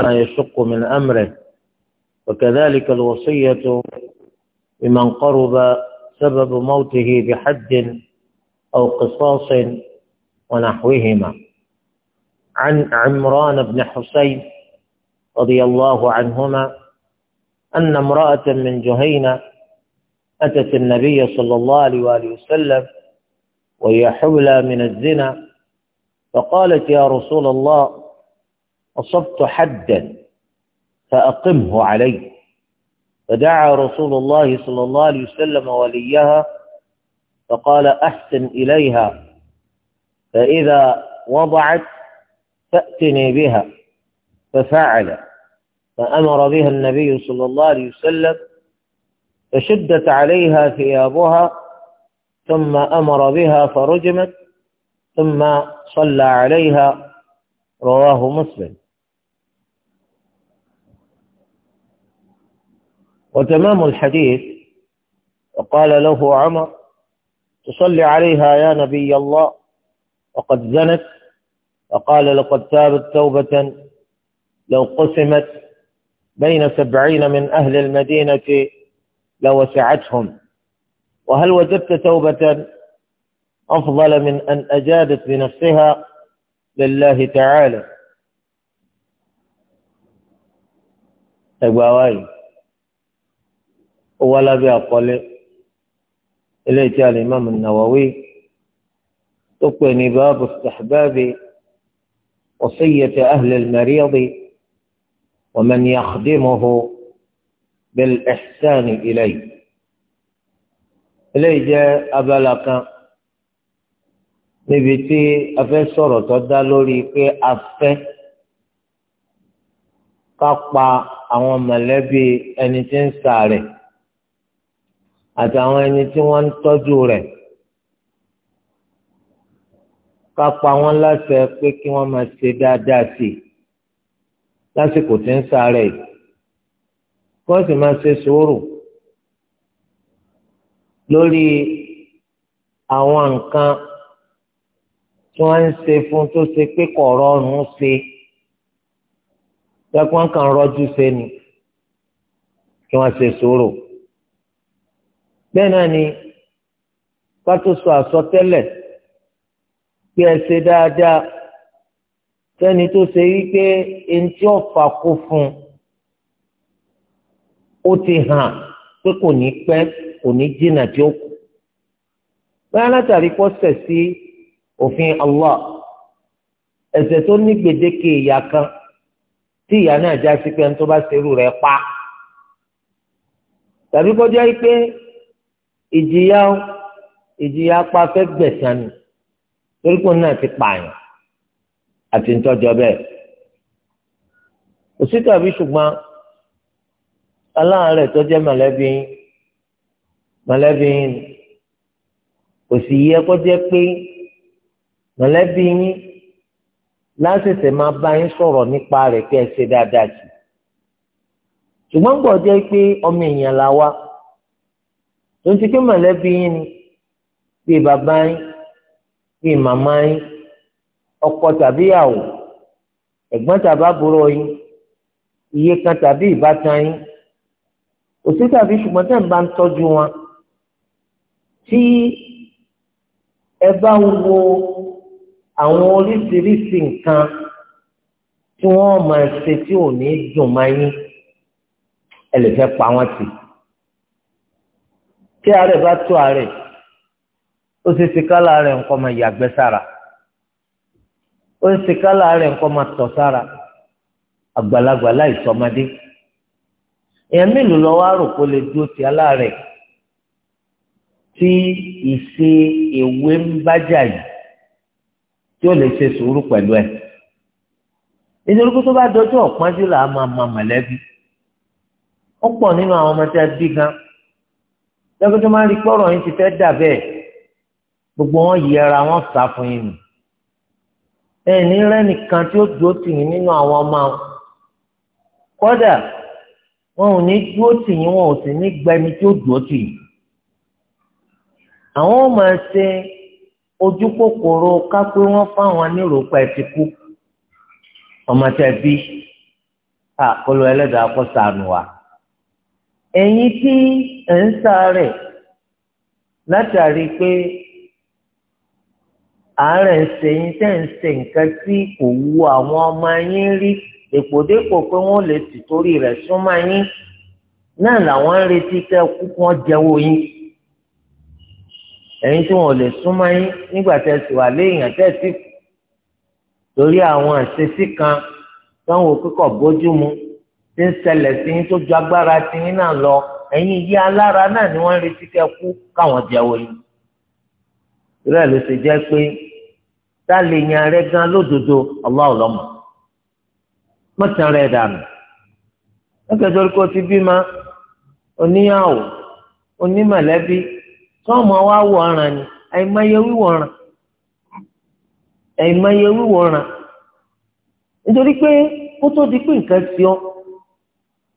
ما يشق من أمره وكذلك الوصية بمن قرب سبب موته بحد أو قصاص ونحوهما عن عمران بن حسين رضي الله عنهما أن امرأة من جهينة أتت النبي صلى الله عليه وآله وسلم وهي حولى من الزنا فقالت يا رسول الله أصبت حدا فأقمه علي فدعا رسول الله صلى الله عليه وسلم وليها فقال أحسن إليها فإذا وضعت فأتني بها ففعل فأمر بها النبي صلى الله عليه وسلم فشدت عليها ثيابها ثم أمر بها فرجمت ثم صلى عليها رواه مسلم وتمام الحديث وقال له عمر تصلي عليها يا نبي الله وقد زنت فقال لقد تابت توبة لو قسمت بين سبعين من أهل المدينة لوسعتهم وهل وجدت توبة أفضل من أن أجادت بنفسها لله تعالى أبواي طيب، ó wá lábẹ́ àkọlé eléyìí tí al-Imam an-Nawawi tó pè ní báàbù istihbabi wasiyyati ahli al-marid wa man yakhdimuhu bil-ihsan ilayhi eléyìí jẹ́ abala kan níbi tí a fẹ́ sọ̀rọ̀ tó dá lórí pé a fẹ́ ká pa àwọn mọ̀lẹ́bí ẹni tí ń ṣàárẹ̀ àtàwọn ẹni tí wọ́n ń tọ́jú rẹ̀ ká pa wọ́n láṣẹ pé kí wọ́n máa ṣe dáadáa sí i lásìkò tí ń sáré yìí kí wọ́n sì máa ṣe sùúrù lórí àwọn nǹkan tí wọ́n ń ṣe fún tó ṣe pé kò rọrùn ṣe pé wọ́n kàn ṣe ni kí wọ́n ṣe sùúrù bẹ́ẹ̀ náà ni ká tó sọ àsọtẹ́lẹ̀ pé ẹ ṣe dáadáa sẹ́ni tó ṣe wípé ẹni tí ọ̀fà kó fún un ó ti hàn pé kò ní pẹ́ kò ní jìnnà tí ó kù bẹ́ẹ̀ látàrí kó ṣẹ̀ sí òfin Allah ẹ̀ṣẹ̀ tó ní gbèdéke ìyà kan tí ìyà náà já sí pé ẹni tó bá ṣerú rẹ̀ pa tàbí kọjá yìí pé ìjìyà ìjìyà apá fẹ́ gbẹ̀sán ni torí pé òun náà ti pààyàn àti ntọ́jọ́ bẹ́ẹ̀ òsì tàbí ṣùgbọ́n aláàárẹ̀ tó jẹ́ mọ̀lẹ́bí mọ̀lẹ́bí yín kò sì yẹ kó jẹ́ pé mọ̀lẹ́bí yín lásìsẹ́ máa bá yín sọ̀rọ̀ nípa rẹ̀ kí ẹ ṣe dáadáa jù ṣùgbọ́n gbọ́dọ̀ jẹ́ pé ọmọ èèyàn la wá tó ń ti pé mọ̀lẹ́bí yín ni bíi bàbá yín bíi màmá yín ọkọ tàbí ìyàwó ẹ̀gbọ́n tàbí àbúrò yín iye kan tàbí ìbátan yín òsì tàbí ṣùgbọ́n tẹ̀ ń bá ń tọ́jú wọn tí ẹ bá wo àwọn oríṣiríṣi nǹkan tí wọ́n máa ṣe tí ò ní dùn máa yín ẹ lè fẹ́ pa wọ́n tì í. tí ààrẹ bá tó ààrẹ ó ṣe ṣe kálá rẹ̀ nǹkan máa yàgbẹ́ sára ó ṣe ṣe kálá rẹ̀ nǹkan máa tọ̀ sára àgbàlagbà láì èèyàn mélòó lọ lè dúró ti aláàrẹ̀ tí ìṣe èwe ń bájà yìí tí ó lè ṣe sùúrù pẹ̀lú ẹ̀ tó bá ma mọ̀lẹ́bí ó pọ̀ nínú àwọn a bí tẹ́gbẹ́tẹ́ máa ń rí pọ́rọ̀ yín ti fẹ́ dà bẹ́ẹ̀ gbogbo wọn yẹra wọn sá fún yín nù ẹni rẹ́nìkan tí ó dúró tì yín nínú àwọn ọmọ àwọn kódà wọn ò ní dúró tì yín wọn ò sì ní gbẹni tí ó dúró tì yín àwọn ò máa ojú kòkòrò kápẹ́ wọn fáwọn onírúurú ẹ̀ ti kú ọmọ tẹ bí àkọlù ẹlẹ́dàá kọ́ sànù wa ẹ̀yin tí ẹ̀ ń sáré látàrí pé àárẹ̀ ń ṣe yín tẹ́ ń ṣe nǹkan tí kò wu àwọn ọmọ yín rí èpòdépò pé wọ́n lè tì torí rẹ̀ súnmọ́ yín náà làwọn ń retí kẹ́ kú kí wọ́n jẹ́wọ́ yín ẹ̀yin tí wọ́n lè súnmọ́ yín nígbà tẹ́ sì wà léèyàn tẹ́ sì torí àwọn àṣesí kan táwọn òkúkọ̀ bójú mu ti ń ṣẹlẹ̀ sí yín tó ju agbára sí yín náà lọ ẹ̀yin yí alára náà ni wọ́n ń retí kẹ́ kú káwọn jẹ́wọ́ yín. ìrẹ́ ló ṣe jẹ́ pé tá a lè rẹ gan lódodo ọlọ́ọ̀ lọ́mọ mọ́tàn rẹ dànù. lọ́kẹ́ torí kó ti bímọ oníyàwó onímọ̀lẹ́bí sọ́ọ̀mù wa ọ̀ràn ni àìmọye wíwọ̀ ọ̀ràn àìmọye wíwọ̀ ọ̀ràn nítorí pé kó tó di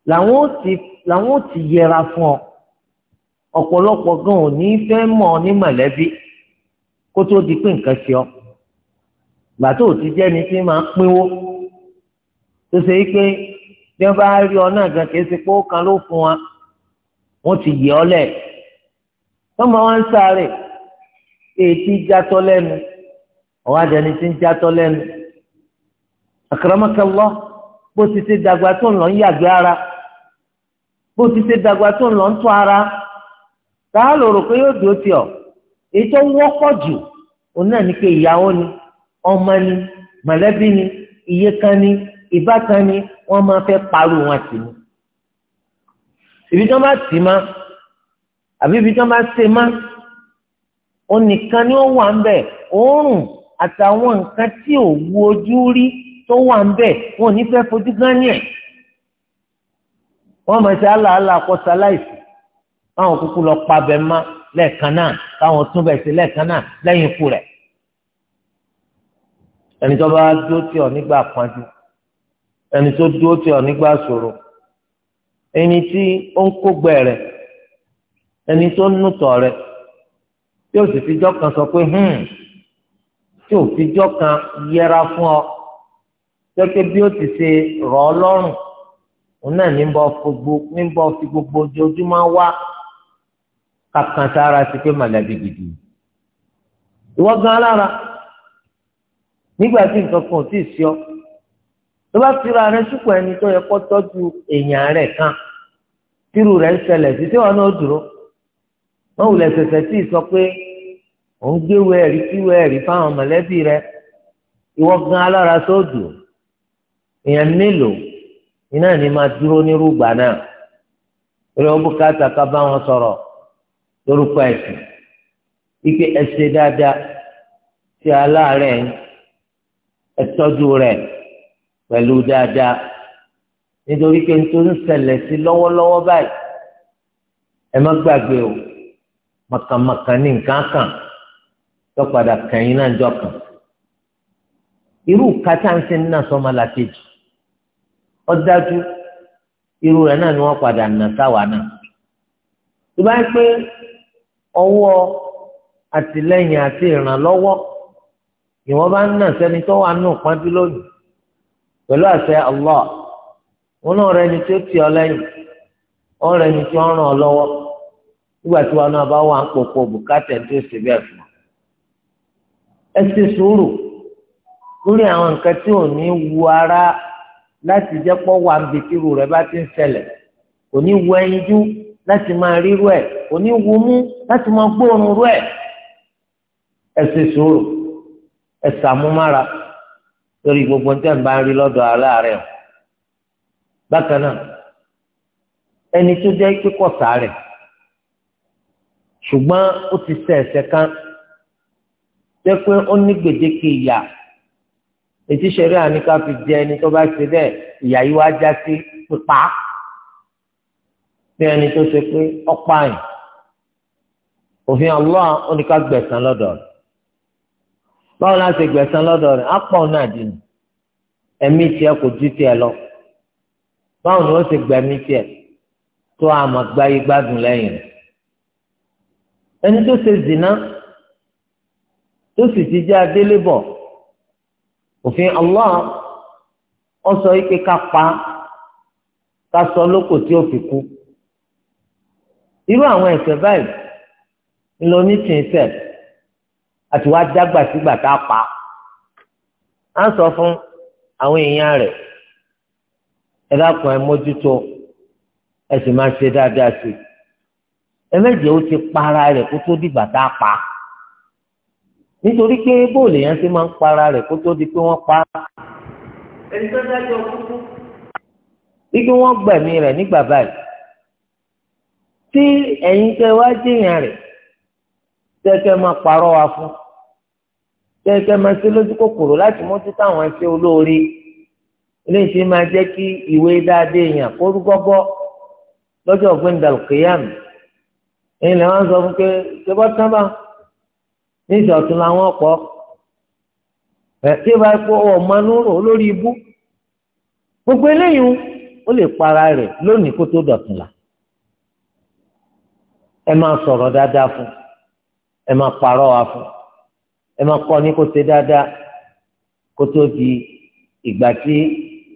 làwọn ó ti làwọn ó ti yẹra fún ọ ọ̀pọ̀lọpọ̀ gan ò ní fẹ́ mọ̀ ọ ní mọ̀lẹ́bí kó tó di pé nǹkan ṣe ọ gbà tó ti jẹ́ni tí máa pínwó tó ṣe pé bí wọ́n bá rí ọ náà gan kì í ṣe pé ó kan ló fún wa wọ́n ti yẹ ọ lẹ̀ tọ́mọ wọn ń sáré ètí jatọ́ lẹ́nu ọ̀wá dẹni tí ń jatọ́ lẹ́nu àkàràmọ́kẹ́ lọ bó ti ṣe dàgbà tó ń lọ ń yàgbé ara bó ti ṣe dàgbà tó ń lọ ń tó ara táà lò rò pé yóò dúró tì ọ́ èyí tó wọ́pọ̀ jù òun náà ní pé ìyàwó ni ọmọ ni mọ̀lẹ́bí ni iye kan ni ìbátan ni wọ́n máa fẹ́ parú wọn sí ni ibi tí wọ́n bá sì má àbí ibi tí wọ́n bá ṣe má òun nìkan ni ó wà ń bẹ̀ òórùn àtàwọn nǹkan tí ò wu ojú rí tó wà ń bẹ̀ wọn ò ní fẹ́ fojú gán ní ẹ̀ wọ́n mọ̀ sí aláàlá àkọ́sá láìsí báwọn kúkú lọ pa bẹ́ẹ̀ má lẹ́ẹ̀kan náà báwọn tún bẹ̀ sí lẹ́ẹ̀kan náà lẹ́yìn ikú rẹ̀ ẹni tó bá dúró tì ọ́ nígbà pọ́njú ẹni tó dúró tì ọ́ nígbà ṣòro ẹni tí ó ń kógbẹ rẹ̀ ẹni tó ń nùtọ̀ rẹ̀ tí ó sì fijọ́ kan sọ pé hmm, tí ò fijọ́ kan yẹra fún ọ jẹ́ pé bí ó ti ṣe rọ̀ ọ́ lọ́rùn òun náà ní bọ́ fi gbogbo ojoojúmọ́ wá kankan sára sí pé mọ̀lẹ́bí gidi ìwọ gan alára nígbà tí nǹkan kan ò tí ì sí ọ tó bá fira rẹ súpọ̀ ẹni tó yẹ kó tọ́jú èèyàn rẹ̀ kan tírù rẹ̀ ń ṣẹlẹ̀ sí tí wọn náà dúró wọn wulẹ̀ ṣẹ̀ṣẹ̀ tí sọ pé òun gbéwèé ẹ̀rí kíwèé ẹ̀rí fáwọn mọ̀lẹ́bí rẹ ìwọ gan alára sóòdù èèyàn mélòó iná ní máa dúró nírúgbà náà eré wọn bùkátà ká bá wọn sọ̀rọ̀ lórúkọ ẹ̀sìn ike ẹsẹ dáadáa tí aláàárẹ̀ ẹ tọ́jú rẹ̀ pẹ̀lú dáadáa nítorí pé nítorí ṣẹlẹ̀ sí lọ́wọ́lọ́wọ́ báyìí ẹ má gbàgbé o màkàmàkà ní nǹkan kan lọ́padà kàn yín náà jọ kàn irú kátà ń ọ dájú irú rẹ̀ náà ni wọ́n padà nà sáwà náà tó bá pé ọwọ́ àtìlẹyìn àti ìrànlọ́wọ́ ni bá ń nà sẹ́ni tó wà nù lónìí pẹ̀lú àṣẹ Allah wọn náà rẹ ni tí ó tì ọ rẹ ni lọ́wọ́ nígbà tí wọn bá wà ń pòpò tó ṣe fún ẹ sùúrù lórí àwọn láti jẹ́ pọ́ wà níbi tírú rẹ̀ bá ti ń ṣẹlẹ̀ kò ní wọ ẹyinjú láti máa rírú ẹ̀ kò ní wọ mú láti máa gbóòórùn rú ẹ̀ ẹ ṣe sùúrù ẹ ṣàmúmára lórí gbogbo ní tẹ́ǹbà ń rí lọ́dọ̀ aláàárẹ̀ o bákan náà ẹni tó jẹ́ kíkọ̀ sáré ṣùgbọ́n ó ti ṣẹ̀ ẹ̀ṣẹ̀ kan jẹ́ pé ó ní gbèdéke ìyà ètí sẹ̀rí àníká fi jẹ ẹni tó bá ṣe bẹ́ẹ̀ ìyá yìí wá já sí pípa bí ẹni tó ṣe pé ọ̀pá yìí òfin Allah oníká gbẹ̀sán lọ́dọ̀ rẹ̀ báwo la ṣe gbẹ̀sán lọ́dọ̀ rẹ̀ á pọ̀ náà dì nù ẹ̀mí tiẹ̀ kò ju tiẹ̀ lọ báwo ni ó ṣe gbẹ̀mí tiẹ̀ tó àmọ̀ gbáyé gbádùn lẹ́yìn rẹ̀ ẹni tó ṣe zìnà tó sì ti jẹ́ adélébọ̀ òfin Allah ó sọ ike ká pa ká sọ lóko tí ó fi kú irú àwọn ẹ̀ṣẹ̀ báyìí ńlọ nítìí sẹ àti wàá dágbà sígbà tá a pa á sọ fún àwọn èèyàn rẹ̀ ẹ dákun ẹ mójútó ẹ sì máa ṣe dáadáa sí i ẹ méje ó ti para rẹ̀ kó tó dìgbà tá a pa á nítorí pé bóòlù yẹn ti máa ń para rẹ̀ kó tó di pé wọ́n pa á. ẹni tó dájọ́ kúkú. igi wọ́n gbẹ̀mí rẹ̀ nígbà báyìí tí ẹ̀yin tẹ wá jìyàn rẹ̀ tẹ́kẹ́ máa parọ́ wa fún tẹ́kẹ́ máa ṣe lójú kòkòrò láti mójú táwọn ẹṣẹ́ olóore eléyìí ti máa jẹ́ kí ìwé dáadé èèyàn kó rú gọ́gọ́ lọ́jọ́ ọ̀gbìn dàlùkìyàmù ẹ̀yin lè wá sọ fún pé ṣe bọ́ sábà ní ìṣọ̀tún làwọn ọ̀pọ̀ ẹ̀ tí ó bá kó ọ̀ma nírò lórí ibú gbogbo eléyìí ó lè para rẹ̀ lónìí kó tó dọ̀tún la ẹ máa sọ̀rọ̀ dáadáa fún ẹ máa parọ́ wa fún ẹ máa kọ́ ní kó ṣe dáadáa kó tó di ìgbà tí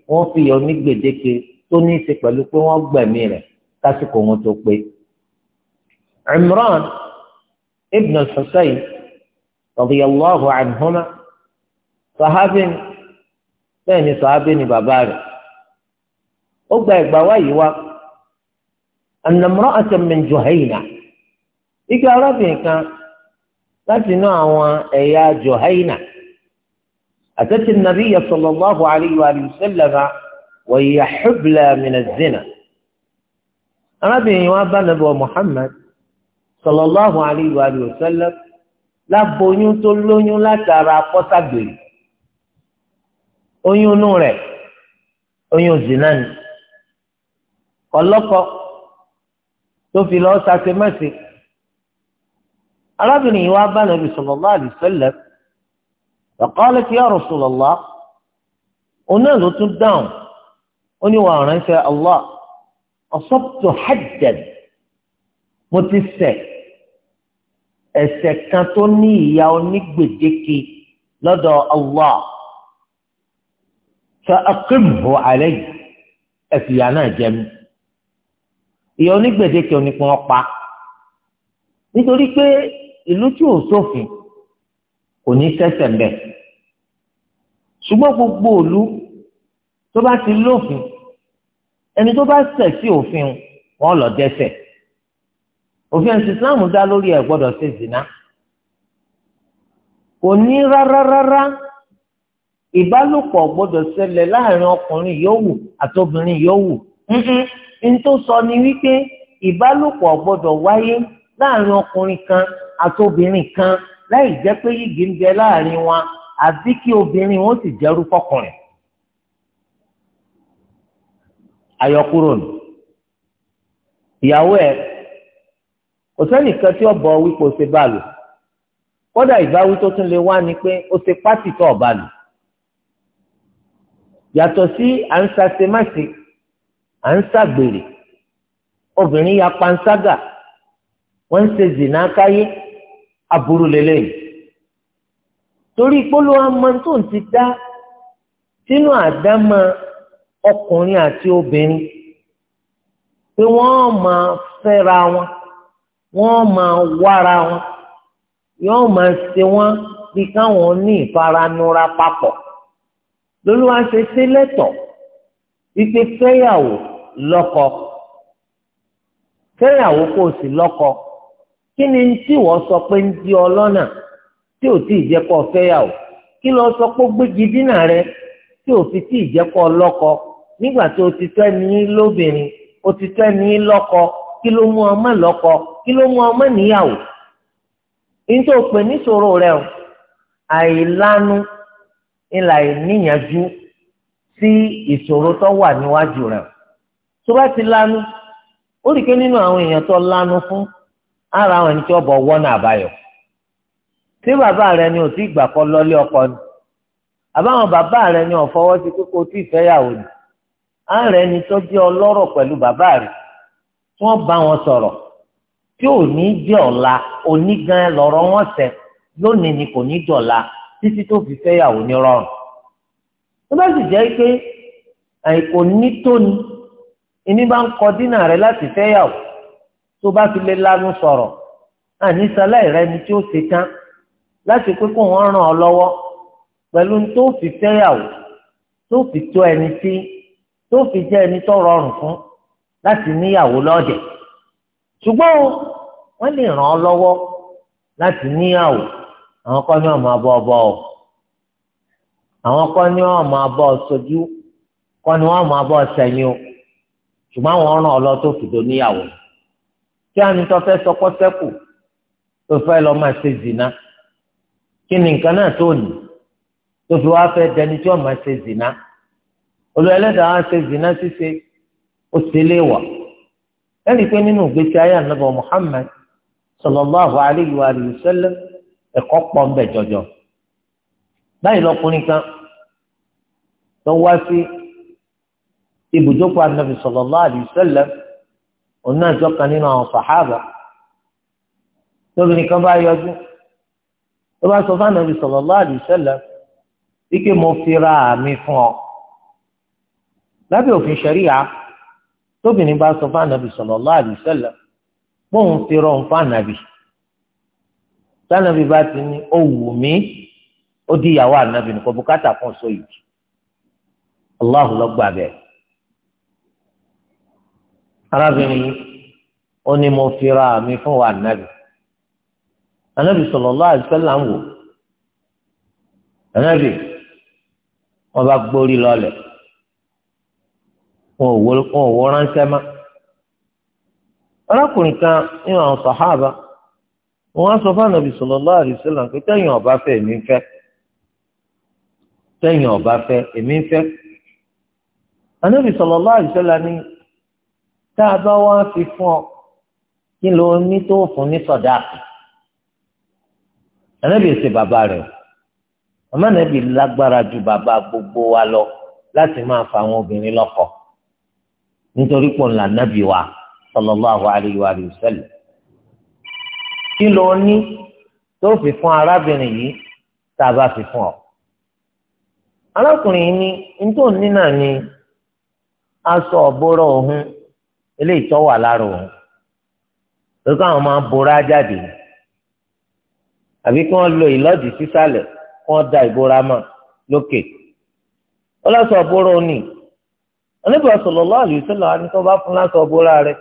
wọ́n fi yọ ní gbèdéke tó ní í ṣe pẹ̀lú pé wọ́n gbẹ̀mí rẹ̀ lásìkò wọn tó pé Imran ibn al-Husayn. رضي الله عنهما صحابي بين ni صحابي بابار bàbá أن امرأة من جهينة إجا ربك لكن láti يا جهينة أتت النبي صلى الله عليه وآله وسلم وهي حبلى من الزنا ربي wa bá محمد صلى الله عليه وآله وسلم láboyún tó lóyún látara pọ́sàgbèrè oyún inú rẹ̀ oyún zina ni ọlọ́kọ tó fi lọ́ọ́ sàṣemẹ́sì arábìnrin yìí wá bá nàbì sallallahu alaihi wasallam qalat ya Rasulullah òun náà ló tún dáhùn ó ní wàá ránṣẹ́ Allah asabtu haddan mo ti ṣẹ̀ ẹ̀ṣẹ̀ kan tó ní ìyà onígbèdéke lọ́dọ̀ Allah fa aqimhu alayhi ẹ̀fìyà náà jẹ mí ìyà onígbèdéke onípin wọn pa nítorí pé ìlú tí ò sófin kò ní sẹ́ṣẹ̀ mbẹ ṣùgbọ́n gbogbo òlu tó bá ti lófin ẹni tó bá ṣẹ̀ sí òfin wọn lọ dẹ́ṣẹ̀. òfin ẹ̀sìn islam dá lórí ẹ̀ gbọ́dọ̀ ṣe zina kò ní rárá rárá ìbálòpọ̀ gbọ́dọ̀ ṣẹlẹ̀ láàrin ọkùnrin yòówù àtobìnrin yòówù n tó sọ ni wípé ìbálòpọ̀ gbọ́dọ̀ wáyé láàrin ọkùnrin kan àtobìnrin kan láì jẹ́ pé yìgì ń láàrin wọn àbí kí obìnrin wọn sì jẹ́rú fọkùnrin. òsẹ́nìkan tí ọ̀bọ̀ wípé o ṣe bá lò kódà ìbáwí tó tún lè wá ni pé o ṣe pátì tó ọ̀bá lò yàtọ̀ sí à ń ṣàṣemáṣe à ń ṣàgbèrè obìnrin ya panṣágà wọ́n ń ṣe zìnnà káyé aburú lélẹ́yìn torí ìpolówó amọ̀ntún ti dá sínú àdámọ́ ọkùnrin àti obìnrin pé wọ́n máa fẹ́ra wọn wọ́n máa wára wọn yóò máa ṣe wọ́n bí káwọn ní ìfaranura papọ̀ lóluwà ṣe ṣe lẹ́tọ̀ wípé fẹ́yàwó lọ́kọ fẹ́yàwó kò sí lọ́kọ kí ni tí wọ́n sọ pé ń di ọlọ́nà tí ò tí ì jẹ́ kó fẹ́yàwó kí lọ sọ pé gbégi dínà rẹ tí ò fi tí ì jẹ́ kó lọ́kọ nígbà tó ti tẹ́ ní lóbìnrin ó ti tẹ́ ní lọ́kọ kí ló mú ọmọ lọ́kọ kí ló mú ọmọ níyàwó nítorí o pè níṣòro rẹ o àìlánu ìlà ìníyànjú sí ìṣòro tó wà níwájú rẹ tó bá ti lánu ó rí i pé nínú àwọn èèyàn tó lánu fún ara àwọn ẹni tí ọbọ wọnà àbáyọ tí bàbá rẹ ni ò tí gbà kọ lọlé ọkọ ni àbáwọn bàbá rẹ ni ò fọwọ́ sí pé o tí ì fẹ́yàwó ni àárẹ̀ ni tó jẹ́ ọlọ́rọ̀ pẹ̀lú bàbá rẹ tí wọ́n bá wọn sọ̀rọ̀ tí ò ní jẹ́ ọ̀la onígan lọ́rọ̀ wọn sẹ̀ lónìí ni kò ní dọ̀la títí tó fi fẹ́yàwó ní rọrùn. tó bá sì jẹ́ pé àìkò ní tóni ìní bá ń kọ dínà rẹ láti fẹ́yàwó tó bá fi lè lanu sọ̀rọ̀ àníṣaláì rẹ ni tí ó ṣe tán láti pé kó wọ́n ràn ọ́ lọ́wọ́ pẹ̀lú tó fi fẹ́yàwó tó fi tó ẹni tí tó fi jẹ́ ẹni tó rọrùn fún láti níyàwó lọ́dẹ̀ ṣùgbọ́n wọ́n lè ràn ọ́ lọ́wọ́ láti níyàwó àwọn kọ́ ní ọmọ abọ́ ọbọ̀ ọ̀ àwọn kọ́ ní ọmọ abọ́ sojú kọ́ ní ọmọ abọ́ sẹ́yìn o ṣùgbọ́n àwọn ọ̀ràn ọlọ́ tó fìdó níyàwó kí á fẹ́ sọkọ́ sẹ́kù tó fẹ́ lọ máa ṣe zìnà kí ni nǹkan náà tó ní tó fi wá fẹ́ dẹni tí ó máa ṣe zìnà olú ẹlẹ́dàá ṣe zìnà ṣíṣe. Si ó ṣe léèwọ̀ ẹnì pé nínú ìgbésí ayé ànábọ Muhammad sallallahu alayhi wa sallam ẹ̀kọ́ pọ̀ ń bẹ jọjọ báyìí lọkùnrin kan tó wá sí ibùjókòó ànábì sallallahu alayhi wa sallam òun náà jọ kan nínú àwọn sàhábà lóbìnrin kan bá yọjú tó bá sọ fún ànábì sallallahu alayhi wa sallam wípé mo fi ra fún ọ lábẹ́ òfin ṣẹríya. tóbìnrin bá sọ fún ànàbì sallallahu alaihi wasallam bóun ti rọrùn fún ànàbì sànàbì bá ti ní ó di ìyàwó ànàbì nìkan bùkátà kan sọ yìí ló gbà arábìnrin ó ní mo mi fún wa ànàbì ànàbì ń wò ànàbì wọn wọn ò wọ ránṣẹ́ mọ́. arákùnrin kan nínú àwọn sàhábà wọn sọ fún ànábì sallallahu alaihi wasallam pé tẹ́yìn ọba fẹ́ èmi ń fẹ́ tẹ́yìn ọba fẹ́ èmi ń fẹ́. ànábì sallallahu alaihi wasallam ni tá a bá wá fi fún ọ kí ló ní tó fún ní sọ̀dá ànábì èsì bàbá rẹ̀ àmọ́ lágbára ju bàbá gbogbo wa lọ láti máa fa àwọn obìnrin lọ́kọ̀ọ́. nítorí pọ̀ ńlá nábì wa sallallahu alayhi wa sallam kí ló ní tó fi fún arábìnrin yìí tá a bá fi fún ọ arákùnrin yìí ní nítorí òní náà ni aṣọ ọ̀bọ̀rọ̀ ọ̀hún eléyìí tó wà lára òun máa bora jáde àbí kí wọ́n lo ìlọ́dì sísàlẹ̀ kí wọ́n da ìbora mọ́ lókè ó lọ́sọ̀ ọ̀bọ̀rọ̀ ni Ànábì sallallahu alaihi wasallam àti tó bá fún lásán ọbúra rẹ̀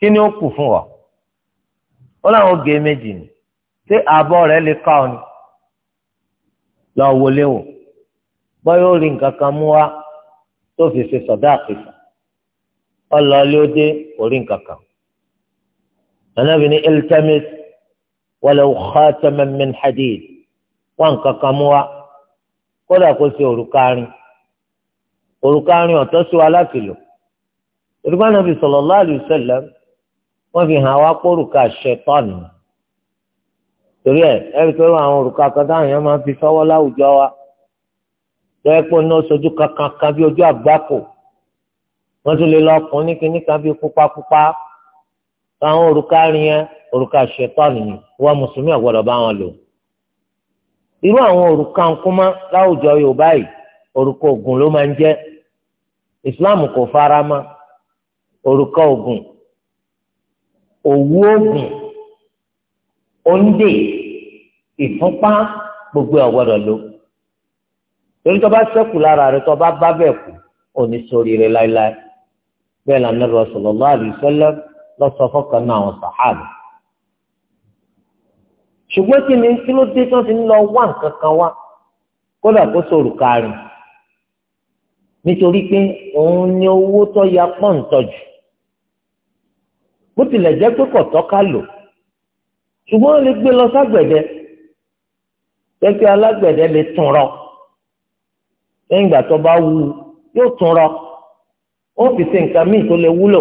kí ni ó kù fún wa ó láwọn gé méjì ni ṣé ààbọ̀ rẹ̀ lè ká ọ ni lọ wọlé wò bọ́yọ̀ ó rí nǹkan kan mú wa tó fi ṣe sọ̀dá àpèsà ọlọ́ọ̀lẹ́ ó dé orí nǹkan kan Ànábì ní iltamis walau khataman hadid wá nǹkan kan mú wa kódà kó ṣe òrùka rin. òrùka rin ọ̀tọ́ sí wa láti lò òrùka náà fi sallallahu alaihi wasallam wọ́n fi hàn wá pé òrùka torí ẹ̀ torí pé àwọn òrùka kan táwọn èèyàn máa ń fi sọ́wọ́ láwùjọ wa lọ́wọ́ pé ní oṣooṣù kankan kan bí ojú àgbákò wọ́n tún lè lọ kún ní kinní kan bí rin òrùka ni wọ́n mùsùlùmí ọ̀gbọ́dọ̀ bá wọn lò irú àwọn òrùka láwùjọ Yorùbá yìí òrùka ògùn ló máa ń jẹ́ islam kò fara ma, òrùka ogun, òwú ogun, òǹdè ìfúnpá gbogbo ẹ̀ torí tó bá lára tó bá bá òní láéláé la Ànábì sallallahu alaihi wasallam lọ́sọ̀ fọ́kàn náà àwọn ṣùgbọ́n kí ni kí ló dé ti ń lọ wá nǹkan kan wá kódà kó nítorí pé òun ni owó tó ya pọ́ǹtọ́jù bó tilẹ̀ jẹ́ pé kọ̀tọ́ ká lò ṣùgbọ́n ó lè gbé lọ ságbẹ̀dẹ pẹ́pẹ́ alágbẹ̀dẹ lè tún rọ lẹ́yìn ìgbà tó bá wú yóò tún rọ ó fi ṣe nǹkan míì tó lè wúlò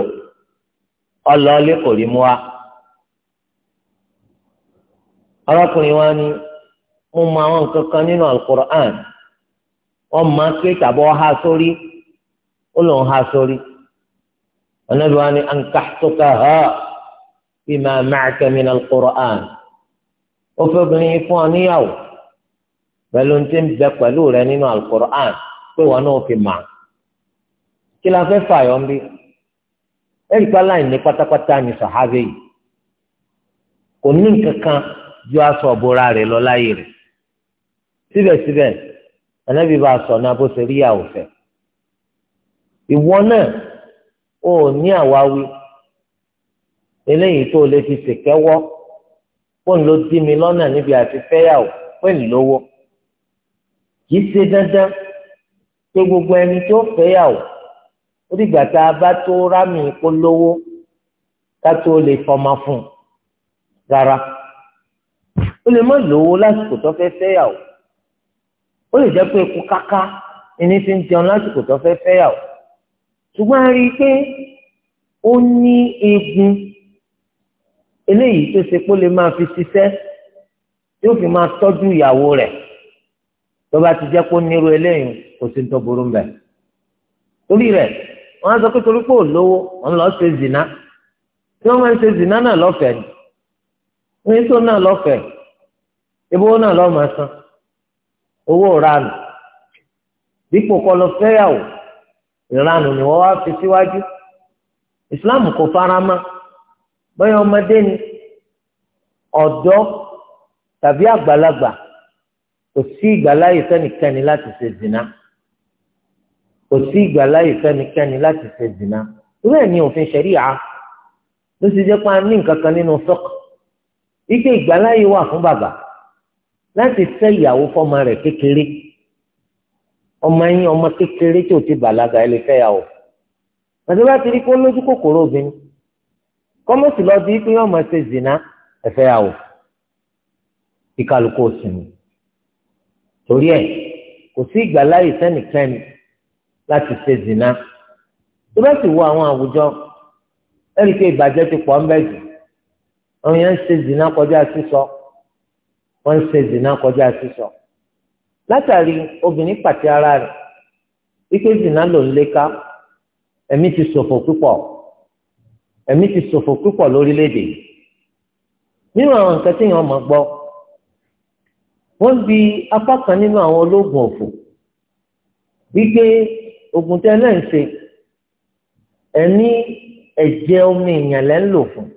ọlọ́ọ̀lẹ́ kò rí mu wa. arákùnrin wa ni mo mọ àwọn nǹkan kan nínú alukur'an. No ọmọ pé tàbọ̀ ha sórí ó lọ ha sórí ọ̀nàbí wa ni ankàtúkà ha bí máa máa kẹ́mínà al-Qur'an ó fẹ́ obìnrin fún ọ níyàwó pẹ̀lú ti ń bẹ pẹ̀lú rẹ nínú al-Qur'an pé wọn náà fi mà kí la fẹ́ fààyàn bí ẹ̀rí pa ní pátápátá ni sàhábẹ́ yìí kò ní nǹkan kan ju aṣọ ọ̀bọ̀ra rẹ̀ lọ láyé rẹ̀ síbẹ̀síbẹ̀ ànábì bá a sọ náà bó ṣe rí ìyàwó fẹ́ ìwọ náà ò ní àwáwí eléyìí tó lè fi ṣèkẹ́wọ́ fóun ló dí mi lọ́nà níbi àti fẹ́yàwó pẹ̀lú lówó kì í ṣe dandan pé gbogbo ẹni tó fẹ́yàwó ó dìgbà tá a bá tó rámì polówó ká tó lè fọmọ fún un rárá ó lè má lówó lásìkò tó fẹ́ fẹ́yàwó. ó lè jẹ́ pé kaka káká ẹni tí ń jẹun lásìkò tó fẹ́ fẹ́yàwó ṣùgbọ́n a rí i pé ó ní ma eléyìí tó ṣe lè máa fi ṣiṣẹ́ tí ó fi máa tọ́jú ìyàwó rẹ̀ tó bá ti jẹ́ kó nírú eléyìí kò sí tó burú mbẹ̀ torí rẹ̀ wọ́n á sọ pé torí pé ò lówó wọ́n lọ́ọ́ owó ranu, dípò kọ́ lọ ranu ni wọ́n wá fi síwájú ìsìláàmù kò fara mọ́ bóyá ọmọdé ni ọ̀dọ́ tàbí àgbàlagbà kò sí ìgbàláyè fẹ́nikẹ́ni láti ṣe zina kò sí ìgbàláyè fẹ́nikẹ́ni láti ṣe zina irú ẹ̀ ní òfin ṣẹ̀ríà ló ti jẹ́ pé a ní nǹkan kan nínú sọ́kà ike ìgbàláyè wà fún bàbá láti fẹ́ ìyàwó fọ́mọ rẹ̀ kékeré ọmọ yín ọmọ kékeré tí ò ti bàlágà ẹ lè fẹ́ yàwó àti bá rí kó lójú kòkòrò obìnrin kọ́mọ̀sì lọ di pé ọmọ ṣe zìnà ẹ fẹ́ yàwó kí kálukú òsìmì torí ẹ kò sí ìgbàláyè sẹ́nìkẹ́ni láti ṣe zìnà tó bá sì wo àwọn àwùjọ ẹ̀rí pé ìbàjẹ́ ti pọ̀ ń bẹ̀ jù àwọn yẹn ń ṣe zìnà kọjá sísọ. So wọ́n ń ṣe zina kọjá sísọ látàrí obìnrin pàtẹ ara rẹ̀ ike zina ló ń léka ẹ̀mí ti ṣòfò púpọ̀ ẹ̀mí ti ṣòfò púpọ̀ lórílẹ̀‐èdè nínú àwọn nǹkan tí èèyàn mọ̀ gbọ́ wọ́n bi apá kan nínú àwọn ológun òfò wípé ogun tẹ́ náà ń ṣe ẹ̀ní ẹ̀jẹ̀ omi ìyànlẹ́ ń lò fún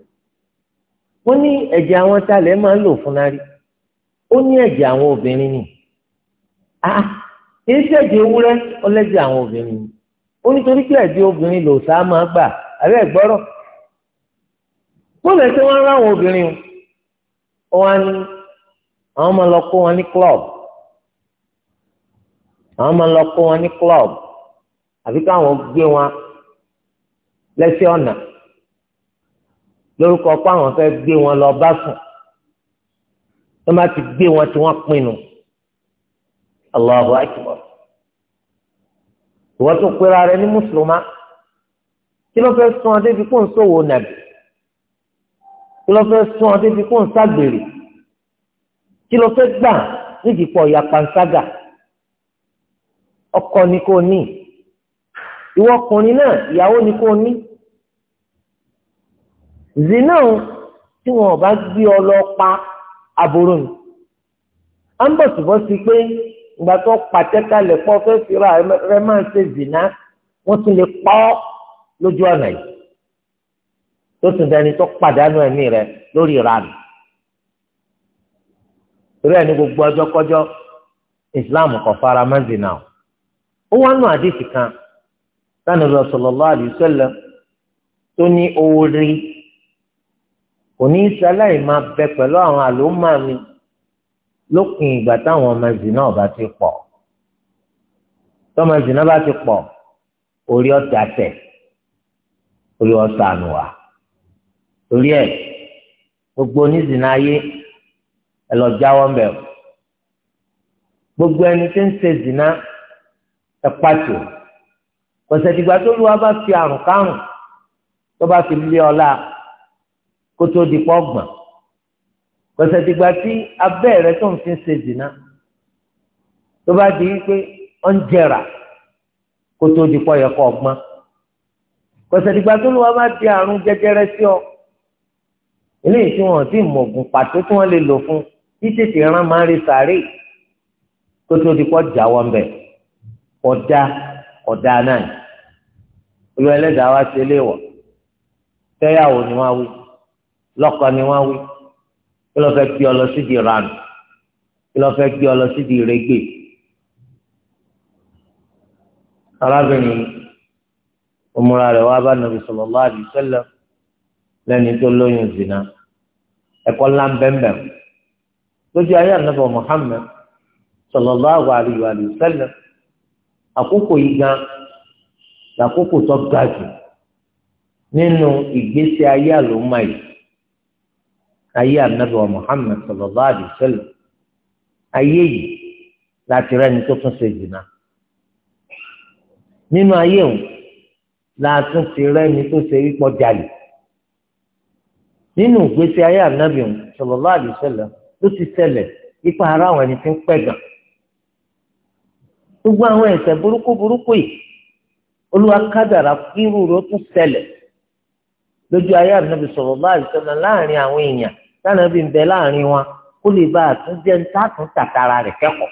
wọ́n ní ẹ̀jẹ̀ àwọn talẹ̀ máa ń lò fún náà rí ó ní ẹ̀jẹ̀ àwọn obìnrin ni ah, kìí ṣẹ̀jẹ̀ ewúrẹ́ ọlẹ́jẹ̀ àwọn obìnrin ni ó nítorí pé ẹ̀jẹ̀ obìnrin lò sá máa gbà àbẹ́ ẹ̀gbọ́rọ̀ bóòlù ẹ̀sẹ̀ wọn rán àwọn obìnrin o wọn ni àwọn máa lọ kó wọn ní club àwọn máa lọ kó wọn ní club àbí káwọn gbé wọn lẹ́sẹ̀ ọ̀nà lórúkọ pé àwọn fẹ́ gbé wọn lọ bá tó máa ti gbé wọn tí wọ́n pinnu Allahu akbar ìwọ́n tó pera rẹ ní mùsùlùmá kí ló fẹ́ sún ọ débi kó ń sòwò nàbì kí ló fẹ́ sún ọ débi kó ń ságbèrè kí ló fẹ́ gbà nídìí pọ̀ ya ọkọ ni kò ní ìwọ ọkùnrin náà ìyàwó ni kò ní zina tí wọn ò gbé ọ lọ pa. aburú ni à ń bọ̀ síbọ̀ pé ìgbà tó pàtẹ́ kalẹ̀ pọ̀ fẹ́ rẹ máa wọ́n tún lè pọ́ lójú ọ̀nà yìí tó tún dání tó pàdánù ẹ̀mí rẹ lórí ìranù rẹ ní gbogbo ọjọ́ Islam kò fara mọ́ zìnà o ó wá nù àdìsí kan sanni Rasulullah kò ní í sáláì máa bẹ pẹ̀lú àwọn àlòmọ́ mi lópin ìgbà táwọn ọmọ zina ọba ti pọ̀ tọ́mọ zina bá ti pọ̀ orí ọ̀tá tẹ̀ orí ọ̀tá nù wá ẹ̀ gbogbo onízina ayé ẹ lọ jáwọ́ ń bẹ̀ gbogbo ẹni tí ń ṣe zina ẹ pàtó kọ̀sẹ̀dìgbà tó lu wa bá fi àrùn kárùn tó bá fi lé ọ láà kó tó di pọ́ gbọ̀n pẹ̀sẹ̀ dìgbà tí abẹ́ rẹ tó ń fi ṣe dìná tó bá di wípé ó ń jẹrà kó tó di pọ́ yẹ kọ́ ọgbọ́n pẹ̀sẹ̀ dìgbà tó ló wá má di àrùn jẹjẹrẹ sí ọ eléyìí tí wọn ti mọ ògùn pàtó tí wọn lè lò fún kí tètè rán máa rí sàárè kó di pọ́ jáwọ́ ń bẹ̀ ọ̀dà ọ̀dà náà olú ẹlẹ́dàá wá ṣe léwọ̀ fẹ́yàwó ni wọ́n á wí lọ́kọ ni wọ́n wí kí ló fẹ́ gbé ọ lọ sídìí ranù kí ló fẹ́ gbé ọ lọ sídìí rẹ́gbẹ̀. arábìnrin òmùra rẹ̀ wá bá nàbì sallallahu alaihi wasallam lẹ́ni tó lóyún zina ẹ̀kọ́ ńlá bẹ́ẹ̀bẹ́ lójú ayé ànábì Muhammad sallallahu alaihi wasallam àkókò yìí gan àkókò tó ga jù nínú ìgbésí ayé àlòmọ́ yìí ayé anabi wa muhammed sallallahu alayhi wa sallam ayé yìí láti rẹ́ni tó tún ṣe zina nínú ayé òun láti ti rẹ́ni tó ṣe ipò jalè nínú ìgbésí ayé anabi òun sallallahu alayhi wa sallam ló ti ṣẹlẹ̀ ipa ara àwọn ẹni tí ń pẹ̀gàn gbogbo àwọn ẹ̀ṣẹ̀ burúkú burúkú yìí olúwa kádàrá irú rẹ̀ tún ṣẹlẹ̀ lójú ayé ànábì sallallahu alaihi wasallam láàrin àwọn èèyàn tánàbí ń bẹ láàrin wọn kó lè bá àtúnjẹ ntàtún tàkàrà rẹ̀ kẹ́kọ̀ọ́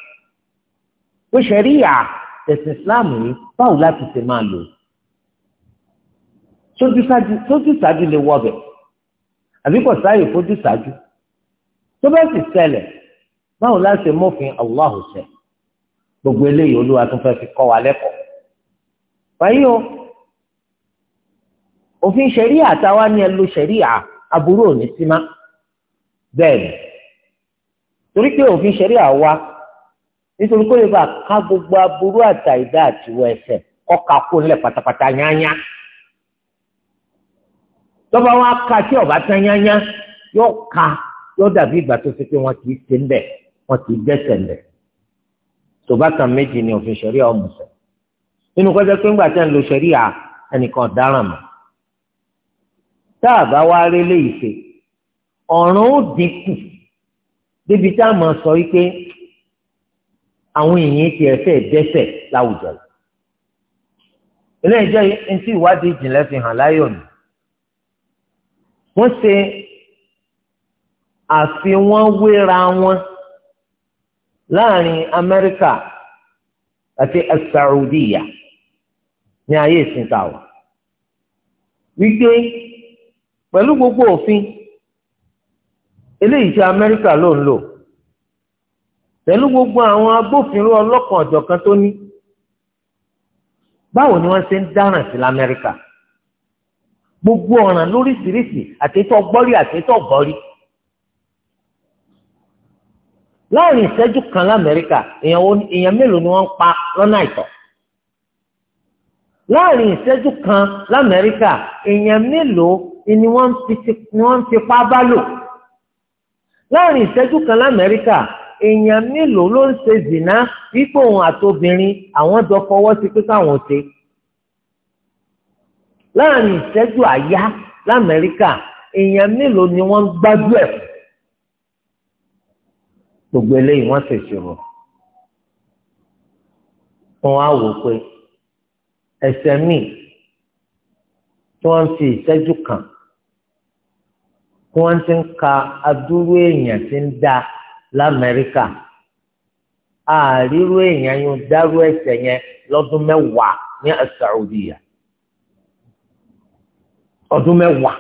pé ṣẹríyà tẹsán islam yìí báwo láti ṣe máa lò sójú ṣáájú lè wọbẹ àbí kò sáàyè fojú ṣáájú tó bá sì ṣẹlẹ̀ báwo láti mọfin Allahu ṣe gbogbo eléyìí olúwa tún fẹ́ fi kọ́ wa lẹ́kọ̀ọ́ báyìí o òfin ṣẹríyà táwa ni ẹ lo ṣẹríyà aburú ò sí máa. bẹ́ẹ̀ ni torí pé òfin ṣẹ̀rí àwa nítorí kó lè bá ká gbogbo aburú àtàìdá àtiwọ ẹsẹ̀ kọ́ka kó lẹ̀ pátápátá yányá tọ́ba wa ka tí ọba tán yányá yóò ka yóò dàbí ìgbà tó ṣe pé wọ́n kì í ṣe ń wọ́n kì í gbẹ́sẹ̀ ń bẹ̀ tòbákan méjì ni òfin ṣẹ̀rí ọ̀mùsẹ̀ nínú kọjá pé ńgbà tí a ń lo ṣẹ̀rí ẹnìkan ọ̀daràn mọ́ tá a bá wá rí léyìí ọ̀ràn ó dínkù débi tá a máa sọ wípé àwọn èèyàn ti ẹ̀fẹ́ dẹ́ṣẹ̀ láwùjọ yìí. eléyìí jẹ́ ẹni tí ìwádìí ìjìnlẹ̀ fi hàn láyọ̀ nù. wọ́n ṣe àfiwọ́n wéra wọn láàrin Amẹ́ríkà àti Saudiya ní ayé ìsìnká wọn. wípé pẹ̀lú gbogbo òfin eléyìí tí amẹ́ríkà ló ń lò pẹ̀lú gbogbo àwọn agbófinró ọlọ́kan ọ̀jọ̀kan tó ní báwo ni wọ́n ṣe ń dáràn sí lamẹ́ríkà gbogbo ọ̀ràn lóríṣiríṣi àtẹ́tọ́ gbọ́rí àtẹ́tọ́ gbọ́rí láàrin ìṣẹ́jú kan lamẹ́ríkà èèyàn mélòó ni wọ́n ń pa lọ́nà àìtọ́ láàrin ìṣẹ́jú kan lamẹ́ríkà èèyàn mélòó ni wọ́n ń fipá bá lò láàrin ìṣẹ́jú kan lamẹ́ríkà èèyàn mélòó ló ń ṣe zìnà wípé òun àtobìnrin àwọn jọ fọwọ́ sí pé káwọn ṣe láàrin ìṣẹ́jú àyá lamẹ́ríkà èèyàn mélòó ni wọ́n ń gbájú ẹ̀ gbogbo eléyìí wọ́n ṣèṣirò wọn á wò pé ẹsẹ̀ míì tí wọ́n ń fi ìṣẹ́jú kan kí wọ́n ti ń ka adúrú èèyàn ti ń dá lamẹ́ríkà àrírú èèyàn yóò dárú ẹsẹ̀ yẹn lọ́dún mẹ́wàá ní Saudiya ọdún mẹ́wàá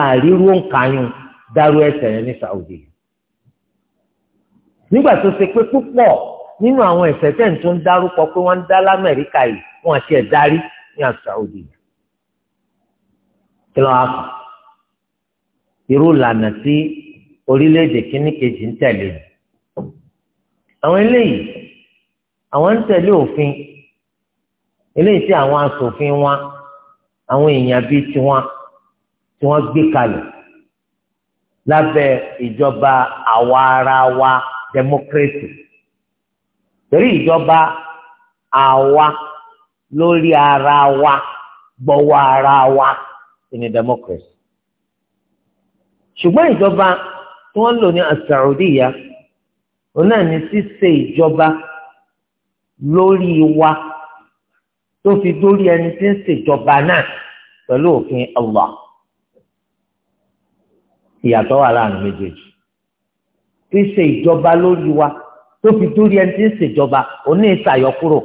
àrírú òǹkàyún dárú ẹsẹ̀ yẹn ní Saudiya nígbà tó ṣe pé púpọ̀ nínú àwọn ẹ̀sẹ̀ tẹ̀ ń tún dárúkọ pé wọ́n ń dá lamẹ́ríkà yìí wọ́n àti ẹ̀ darí ní Saudiya kí ló wá kàn. irú ìlànà si orílẹ̀-èdè kínní kejì ń tẹ̀lé àwọn eléyìí àwọn ń tẹ̀lé òfin eléyìí tí àwọn aṣòfin wọn àwọn èèyàn bíi tiwọn tí wọ́n gbé kalẹ̀ lábẹ́ ìjọba àwa ara wa democracy torí ìjọba àwa lórí ara wa gbọ́wọ́ ara wa ìní democracy ṣùgbọ́n ìjọba tí wọ́n lò ní asaudiya òun náà ní ṣíṣe ìjọba lórí wa tó fi dórí ẹni tí ń ṣèjọba náà pẹ̀lú òfin Allah ìyàtọ̀ wà láàrin méjèèjì tí ń ṣe ìjọba lórí wa tó fi dórí ẹni tí ń ṣèjọba òun ní ìṣàyọkúrò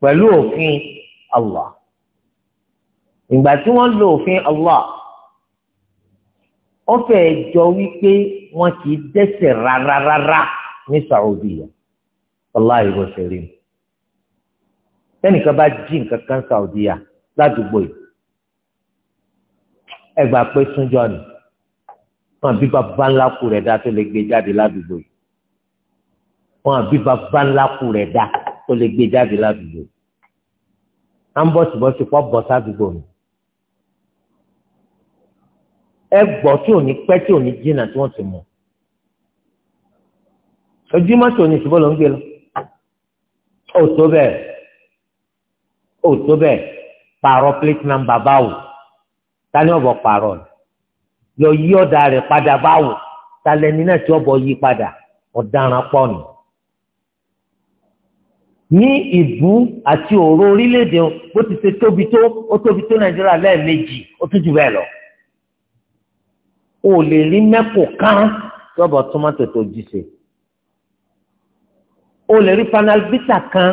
pẹ̀lú òfin Allah ìgbà tí wọ́n lo òfin Allah ó fẹ́ẹ́ jọ wípé wọn kì í dẹ́ṣẹ̀ rárára ní Saudi yẹn ọláyé bó ṣe rí mi tẹnìkan bá jí nǹkan kan Saudi yà ládùúgbò yìí ẹ gbà pé súnjọ ni wọn àbí bàbá ńlá kù rẹ̀ dá tó lè gbé jáde ládùúgbò yìí wọn àbí bàbá ńlá kù rẹ̀ dá tó lè gbé jáde ládùúgbò yìí à ń bọ̀ síbọ̀ sípò bọ̀ sádùúgbò mi ẹ gbọ́ tí ò ní pẹ́ tí ò ní jìnnà tí wọ́n ti mú ojúmọ́ tí ò ní ṣùgbọ́n ló ń gbé lọ ó tó bẹ́ẹ̀ ó tó bẹ́ẹ̀ pààrọ̀ plate number báwò tani ọ̀bọ̀ pààrọ̀ lọ yí ọ̀dà rẹ̀ padà báwò talẹ́ni náà tí ọ̀bọ̀ yí padà ọ̀daràn pọ̀ nù ní ìbú àti òró orílẹ̀-èdè bó ti ṣe tóbi tó ó tóbi tó nàìjíríà lẹ́ẹ̀mejì ó tún jù bẹ́ẹ̀ lọ o lè rí mẹ́kò kán lọ́bọ̀ tómátò tó jíṣe o lè rí panalbita kan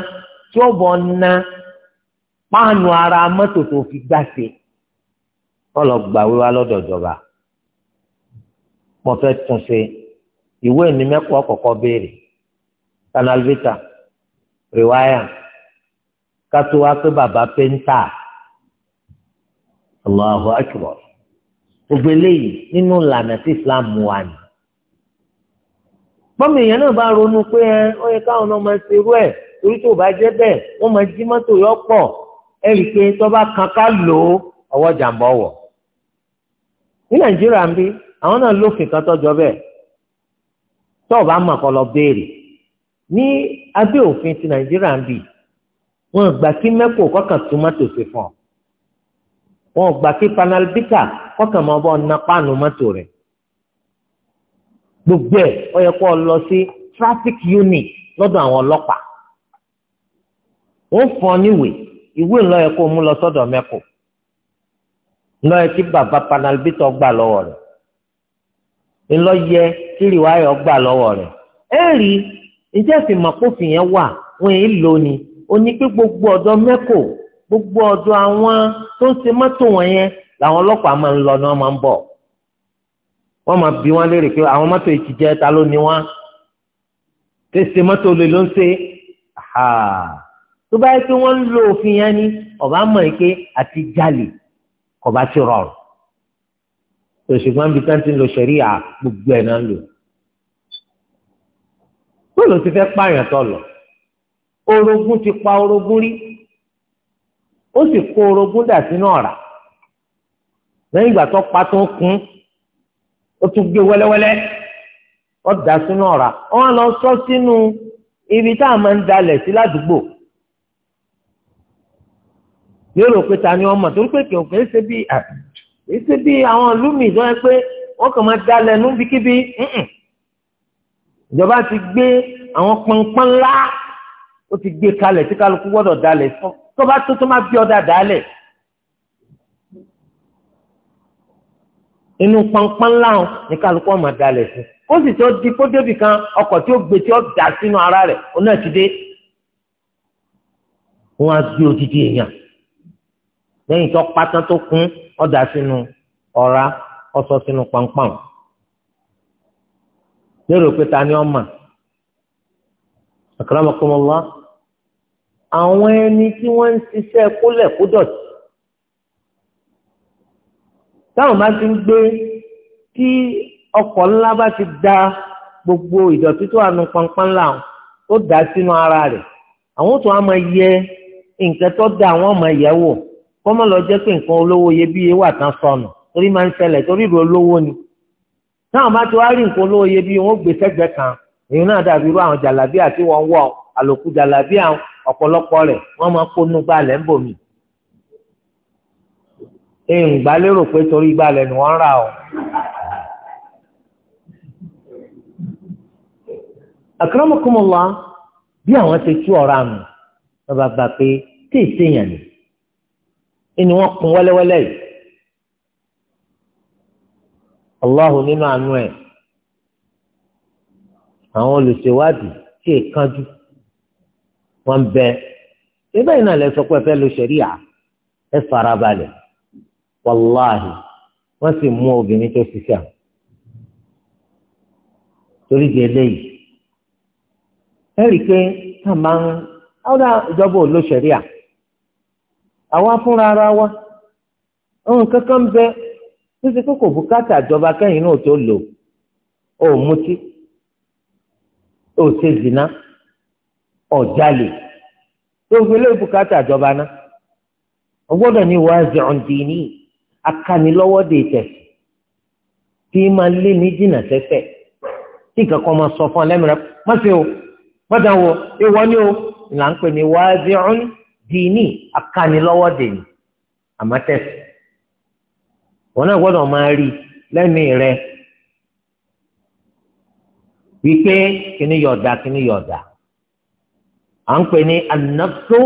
tí ó bọ̀ na páànù ara mọ́tò tó fi gbàṣe ọlọ gbàwé wa lọ́dọ̀ ìjọba mo fẹ́ tún ṣe ìwé mi mẹ́kò ọ̀kọ̀ọ̀kọ̀ béèrè panalbita rìwáyà kátó wa pé bàbá pé ń Allahu akbar gbogbo eléyìí nínú ìlànà tí Islam wà ní. bọ́mọ èèyàn náà bá ronú pé ẹ ó yẹ káwọn náà máa ṣe irú ẹ̀ torí tó bá jẹ́ bẹ́ẹ̀ wọ́n máa jí mọ́tò yọ pọ̀ ẹ rí i pé tó bá kan ká lò ó ọwọ́ jàǹbá wọ̀. ní Nàìjíríà ń bí àwọn náà lófin kan tọ́jọ́ bẹ́ẹ̀ tó o bá mọ̀ kọ́ lọ béèrè ní abẹ́ òfin ti Nàìjíríà ń bí wọn gbà kí mẹ́kọ̀ọ́ kọ́kàn tún ṣe fún ọ wọn ò gbà kí panalbika kọkàn máa bọ páànù gbogbo ẹ ó yẹ kó ọ lọ sí traffic unit lọ́dọ̀ àwọn ọlọ́pàá wọ́n fọ́ níwèé ìwé ńlọ yẹ kó o mú lọ sọ́dọ̀ mẹ́kò ńlọ yẹ kí bàbá panalbika gbà lọ́wọ́ ńlọ yẹ kí gbà yẹn wà oní gbogbo ọ̀dọ̀ àwọn tó ń ṣe mọ́tò wọ̀nyẹn làwọn ọlọ́pàá máa ń lọ ní wọ́n máa ń bọ̀ wọ́n máa bi wọ́n léèrè pé àwọn mọ́tò yìí ti jẹ́ ta ló ní wọ́n tó ṣe mọ́tò olè ló ń ṣe tó bá yẹ pé wọ́n ń lo òfin yẹn ni ọ̀bá mọ̀ pé àti jalè kọ̀bá ti rọrùn òṣùgbọ́n bí tán ti ń lo ṣẹ̀ríà gbogbo ẹ̀ náà ń lò bóòlù ti fẹ́ pààyàn tọ̀ lọ orogún ti pa orogún rí ó sì kó orogún dà sínú ọ̀rá lẹ́yìn ìgbà tó pa tó kún ó tún gbé wẹ́lẹ́wẹ́lẹ́ ó dà sínú ọ̀rá wọ́n lọ sọ sínú ibi tá a máa ń dalẹ̀ sí ládùúgbò lérò pé ta ni ọmọ torí pé kìí kìí ṣe bí kìí ṣe bí àwọn lumi tó yẹ pé wọ́n kàn máa dalẹ̀ nú ìjọba ti gbé àwọn pọnpọn ńlá ó ti gbé kalẹ̀ tí kálukú gbọ́dọ̀ dalẹ̀ fún. tó bá tó tó máa fi ọ̀dà dálẹ̀. inú pọnpọ́n láwọn ní kálukú ọmọ dalẹ̀ sí ó sì tó di kó kan ọkọ̀ tí ó gbé tí ó dà sínú ara rẹ̀ ó náà ti dé wọn á gbé odidi èèyàn lẹ́yìn tó pátán tó kún ó dà sínú ọ̀rá ó sọ sínú pọnpọ́n lérò pé ta ni ọmọ àkàrà ọmọkùnrin àwọn ẹni tí wọ́n ń ṣiṣẹ́ kólẹ̀ kó dọ̀tí táwọn máa ti ń gbé tí ọkọ̀ ńlá bá ti da gbogbo ìdọ̀tí tó wà nù pọnpọ́nlá ó dà sínú ara rẹ̀ àwọn tó wá máa yẹ nǹkan tó da àwọn ọmọ ẹ̀yẹ wò kọ́mọ lọ jẹ́ pé nǹkan olówó iyebíye wà tán sọnù torí máa ń ṣẹlẹ̀ torí ìrò olówó ni táwọn bá ti wá rí nǹkan olówó iyebíye wọ́n gbé sẹ́gbẹ̀ẹ́ kan èyí náà dàbí irú àwọn jàlábí àti wọ́n wọ̀ àlòkù jàlábí àwọn ọ̀pọ̀lọpọ̀ rẹ̀ wọ́n máa kó nú gbalẹ̀ ń bòmí. ìgbà lérò pé torí gbalẹ̀ ni wọ́n rà ọ́. àkàràmọ́kùnmọ́lá bí àwọn ti tú ọ̀rọ̀ àmì wọ́n bá gbà pé tí èsì èèyàn ni inú wọn kún wẹ́lẹ́wẹ́lẹ́ yìí. Allahu nínú àánú ẹ̀ àwọn olùṣèwádìí tí èèkánjú. E wọ́n bẹ ebe yìí náà lẹ sọ pé ẹ fẹ́ lo ṣẹ̀ríà ẹ wàláhì wọ́n sì mú obìnrin tó ṣiṣẹ́ torí di eléyìí ẹ rí i pé ká máa ń ọ̀dà ìjọba ò lo ṣẹ̀ríà àwa fúnra ara wa ohun kankan bẹ títí kókò bùkátà ìjọba ọ̀jalè tó ń gbélé bùkátà àjọba náà ọgbọ́dọ̀ ní wáàzì ọ̀ǹdìní tẹ̀sí tí máa lé ní jìnnà sẹ́sẹ̀ tí nǹkan máa sọ fún ọlẹ́mìíràn má o má wọ ìwọ ni o là ń pè ní wáàzì ọ̀ǹdìní ni àmọ́ tẹ̀sí wọn náà gbọ́dọ̀ máa rí rẹ wípé à ń pè ní an-nafsu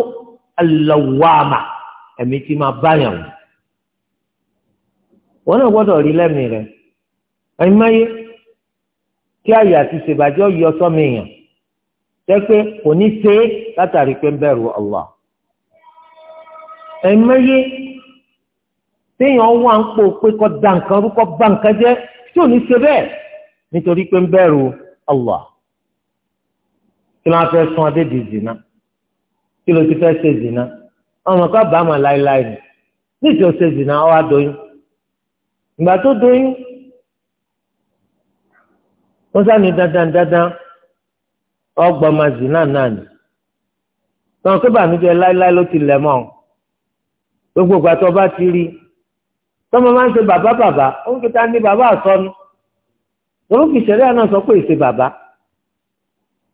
al-lawwama ẹ̀mí tí máa báyàn wọn náà gbọ́dọ̀ rí lẹ́mìí rẹ̀ ẹ̀yin máa yé kí àyè àti ṣèbàjẹ́ yọ sọ́mi yàn jẹ́ pé kò ní ṣe é látàrí pé ń bẹ̀rù Allah ẹ̀yin máa yé téèyàn wà ń pò pé kọ́ da nǹkan rú kọ́ ba nǹkan jẹ́ tí ò ní ṣe bẹ́ẹ̀ nítorí pé ń bẹ̀rù Allah kí ló fẹ́ sún adé di zina kí ló ti fẹ́ ṣe zina ọmọ ká bàá mà láéláé ni níṣẹ́ ó ṣe zina ó wá doyún ìgbà tó doyún wọ́n sáni dandan dandan ọgbà ọmọ zina náà ni tọ́wọ́n pé bàmídìí láéláé ló ti lẹ̀ mọ́ gbogbo ìgbà tó bá ti rí tọ́mọ máa ń ṣe bàbá bàbá ó ń kíta ní bàbá àsọnu lórúkì ìṣẹ̀lẹ̀ náà sọ pé ìṣe bàbá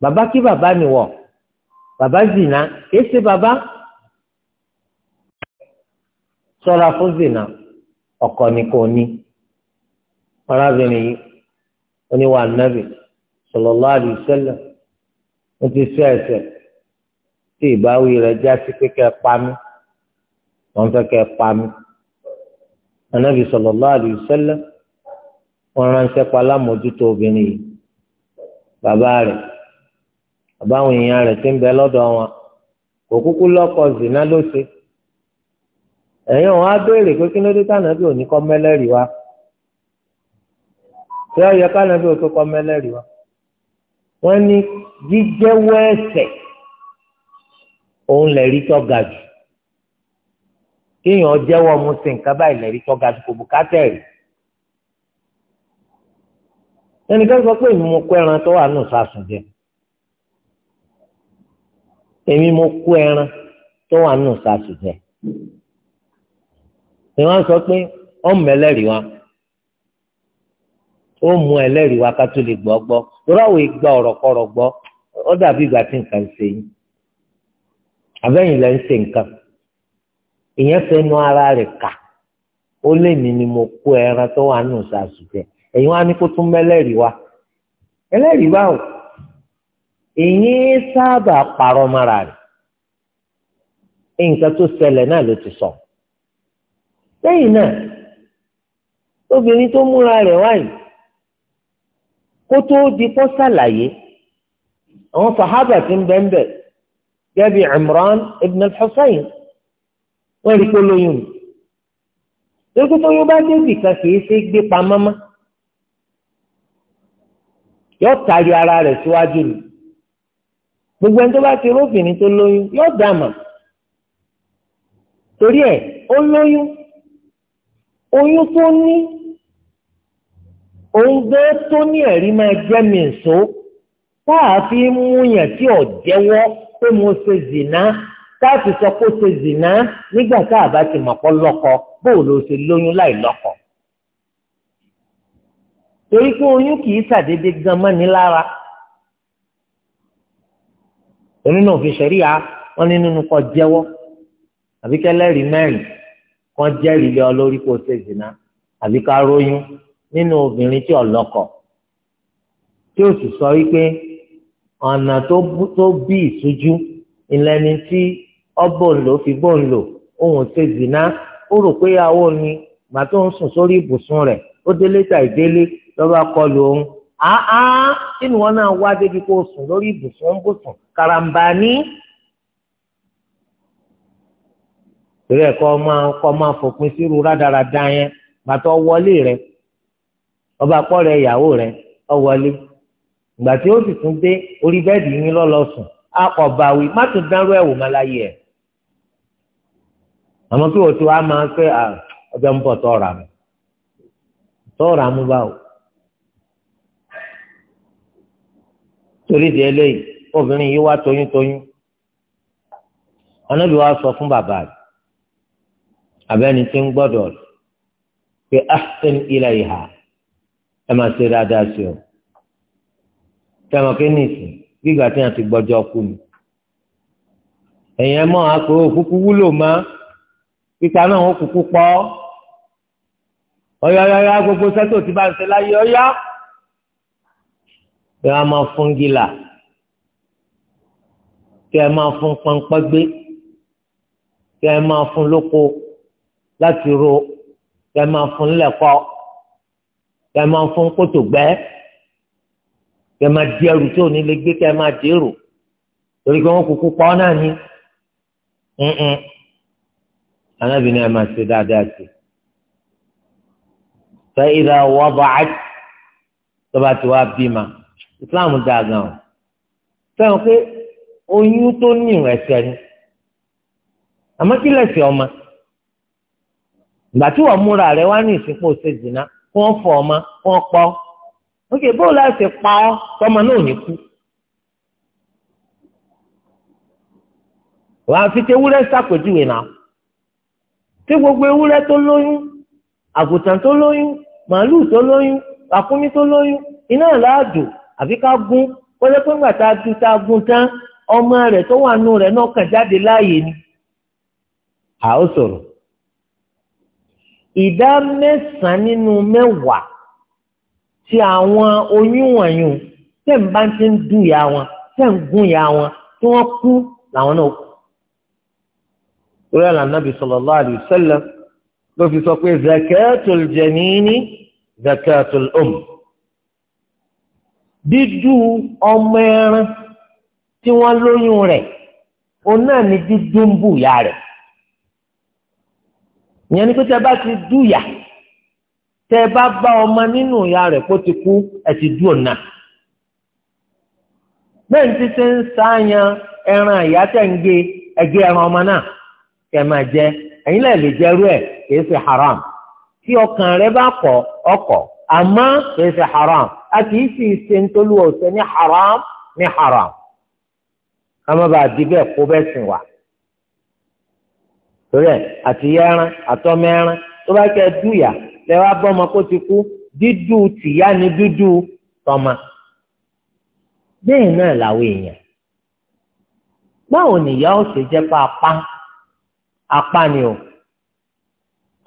bàbá kí bàbá nìwọ bàbá zina kìí ṣe bàbá ṣọ́ra fún zina ọkọ ni kò ní arábìnrin yìí oníwà nàbì sallallahu alaihi wasallam ó ti ṣe ẹ̀ṣẹ̀ tí ìbáwí rẹ̀ já sí pé kẹ́ pa mí wọ́n fẹ́ kẹ́ pa mí anabi sallallahu alaihi wasallam wọ́n ránṣẹ́ pa lámòjútó obìnrin yìí bàbá rẹ̀ àbáwọn èèyàn rẹ̀ ti ń bẹ lọ́dọ̀ wọn kò kúkú lọ́kọ zina ló ṣe ẹ̀yin wọn á béèrè pé kí ló dé tànàbí òní kọ́ mẹ́lẹ́rìí wa ṣé ọ̀yẹ́ kànàbí òní kọ́ mẹ́lẹ́rìí wa wọ́n ní jíjẹ́wọ́ ẹ̀ṣẹ̀ òun lẹ̀rí tó ga jù kéèyàn jẹ́wọ́ mu nǹkan báyìí lẹ̀rí tó ga jù kò bùkátà rí ẹnìkan sọ pé ìmú ẹran tó wà nù sásùn jẹ́ èmi mo ẹran tó wà nù sàṣù jẹ ni sọ pé ọmọ ẹlẹ́rìí wa ó mú ẹlẹ́rìí wa ká tó lè gbọ́ gbọ́ torí àwọn ìgbà ọ̀rọ̀kọ̀rọ̀ gbọ́ ó dàbí ìgbà tí nǹkan ṣe yín ṣe nǹkan ìyẹn ara rẹ̀ kà ó ni mo ẹran tó wà nù sàṣù jẹ ẹ̀yin wa èyí sábà parọ́ mọ́ra rẹ̀ nǹkan tó ṣẹlẹ̀ náà ló ti sọ lẹ́yìn náà obìnrin tó múra rẹ̀ wáyé kó tó di kó ṣàlàyé àwọn sàhábà ti ń bẹ́ńbẹ́ gẹ́bí Imran ibn al-Husayn wọ́n rí kó lóyún mi tó yóò bá débì kan kì í ṣe gbé pamọ́ mọ́ yóò tayọ ara rẹ̀ síwájú ni gbogbo ẹni tó bá ti róbìnrin tó lóyún yóò dà mà torí ẹ̀ ó lóyún oyún tó ní oúnjẹ tó ní ẹ̀rí máa jẹ́ mi nsó táà fi mú yàn tí ò jẹ́wọ́ pé mo ṣe zìnà táà sọ pé ó ṣe zìnà nígbà tá a bá ti mọ̀ pọ́ lọ́kọ bóò ló ṣe lóyún láì lọ́kọ torí pé oyún kì í ṣàdédé gan mọ́ni lára onínú òfin ṣẹ̀ríà wọ́n ní nínú kọ́ jẹ́wọ́ àbí kẹlẹ́rìí mẹ́rin kan jẹ́rìí lé ọ lórí kó o ṣe zina àbí ká róyún nínú obìnrin tí ọlọ́kọ tí o sì sọ wípé ọ̀nà tó bí ìṣújú ìlẹ́ni tí ọbọ̀ ń lò fi bọ́ ń lò òun ṣe zina ó rò pé ìyàwó ni màá tó ń sùn sórí ibùsùn rẹ̀ ó délé tàì délé lọ́ba kọlu òun kí ni wọn náà wá débi kó sùn lórí ibùsùn bùsùn karambani. ìrẹ́ kọ́ máa kọ́ máa fòpin sí irú rádaràda yẹn gbàtọ́ wọlé rẹ ọba pọ́ rẹ ìyàwó rẹ ọ wọlé ìgbà tí ó sì tún dé orí bẹ́ẹ̀dì yín lọ́lọ́ sùn á kọ̀ báwí má tún ẹ̀wò má láyé ẹ̀ àmọ́ ti ń bọ̀ torí di eléyìí obìnrin yìí wá toyúntoyún ọ̀nàbí wa sọ fún bàbá rẹ̀ abẹ́ni tí ń gbọ́dọ̀ rẹ̀ pé ahsan ilẹ̀ ìhà ẹ máa ṣe dáadáa sí o tẹmọ kí ní ìsìn gbígbà tí wọn ti gbọ́jọ́ kú ni ẹ̀yìn ẹ àpò òkúkú wúlò mọ́ pípa náà wọn kúkú pọ́ ọ̀yọ̀yọ̀yọ̀ gbogbo sẹ́tò tí bá ń ṣe láyé ọ̀yọ́ kí wọ́n máa fún gíla kí wọ́n máa fún pọnpọ́gbé kí wọ́n máa fún lóko láti ro kí wọ́n máa fún lẹ́kọ́ kí wọ́n máa fún kótó gbẹ́ kí wọ́n máa di ẹrù tí ò ní lè gbé kí wọ́n máa dèrò torí pé wọ́n kúkú pa ọ́ náà ni anábìnrin ẹ̀ máa ṣe dáadáa sí i. فإذا وضعت تبات وابدما islam dáa gan o fẹ́ràn pé oyún tó ní ẹ̀ṣẹ̀ ni àmọ́ kí lẹ̀ṣẹ̀ ọmọ ìgbà tí wọ́n múra rẹ̀ wá ní ìsìnkú ṣe jìnnà kí wọ́n fọ ọmọ kí wọ́n pọ́ ókè bóòlù láti pa ọ́ tọmọ náà ò ní kú. wàá fi ti ewúrẹ́ ṣàpèjúwe náà tí gbogbo ewúrẹ́ tó lóyún àgùntàn tó lóyún màálù tó lóyún àkúnmí tó lóyún iná làádùn àfi ká gún wọ́n yẹ pé ńgbà tá a ju tá a gún tán ọmọ rẹ̀ tó wà nù rẹ̀ náà kàn jáde láàyè ni à ó sọ̀rọ̀ ìdá mẹ́sàn-án nínú mẹ́wàá ti àwọn oyún wọ̀nyún tẹ̀ ń bá ti ń dùn ya wọn tẹ̀ ń gún ya wọn tí wọ́n kú làwọn náà kú. Orí àlànàbì sallallahu alaihi wasallam ló fi sọ pé zakatul janini zakatul um. dídú ọmọ ẹran tí wọ́n lóyún rẹ̀ òun náà ni dídú ń bù rẹ̀ ìyẹn ni pé bá ti bá bá ọmọ nínú ìyá rẹ̀ kó ti kú ẹ ti dú ọ̀nà bẹ́ẹ̀ ní títí ń sáyan ẹran ìyá tẹ̀ ń gé ẹran ọmọ náà kẹ́ máa jẹ ẹ̀yin haram tí ọkàn rẹ bá kọ̀ ọkọ̀. àmọ́ kìí ṣe haram a kìí sì ṣe nítorí ọ̀sẹ̀ ní haram ní haram àmọ́ bá a di bẹ́ẹ̀ kó bẹ́ẹ̀ sìn wá. torí ẹ̀ àti yẹ́ran àtọ́mẹ́ran tó bá kẹ́ dúyà lẹ́wọ́ abọ́mọ kó ti kú dídú tìyá ni dúdú tọ́mọ. bẹ́ẹ̀ náà làwọn èèyàn báwo nìyá ó ṣe jẹ́ pa apá apá ni o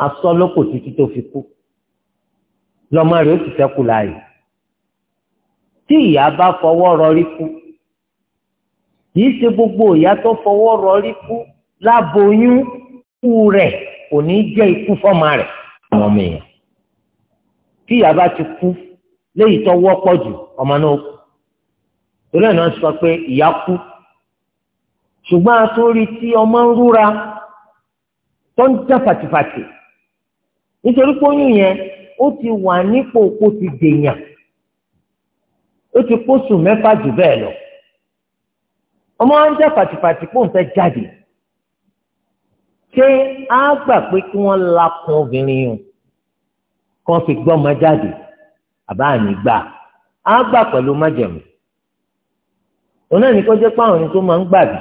asọ́lọ́kọ̀ títí tó fi kú lọ́mọ rẹ̀ ó sì sẹ́kù láàyè tí ìyá bá fọwọ́ rọrí kú kìí ṣe gbogbo ìyá tó fọwọ́ rọrí kú láboyún kú rẹ̀ kò ní jẹ́ ikú fọ́mọ rẹ̀ àwọn ọmọ èèyàn tí ìyá bá ti kú léyìí tó wọ́pọ̀ jù ọmọ náà kú torí ẹ̀ náà sọ pé ìyá kú ṣùgbọ́n àtúrí tí ọmọ ń rúra tó ń já fàtìfàtì nítorí pé oyún yẹn ó ti wà nípò kó ti dèèyàn ó ti kóṣù mẹ́fà jù bẹ́ẹ̀ lọ ọmọ wa ń jẹ́ pàtìpàtì kó ń fẹ́ jáde ṣé á gbà pé kí wọ́n lakùn obìnrin yìí kó fi gbọ́mọ jáde àbá àmì gbà á gbà pẹ̀lú májẹ̀mú òun náà ní kó jẹ́ pé àwọn ẹni tó máa ń gbàbí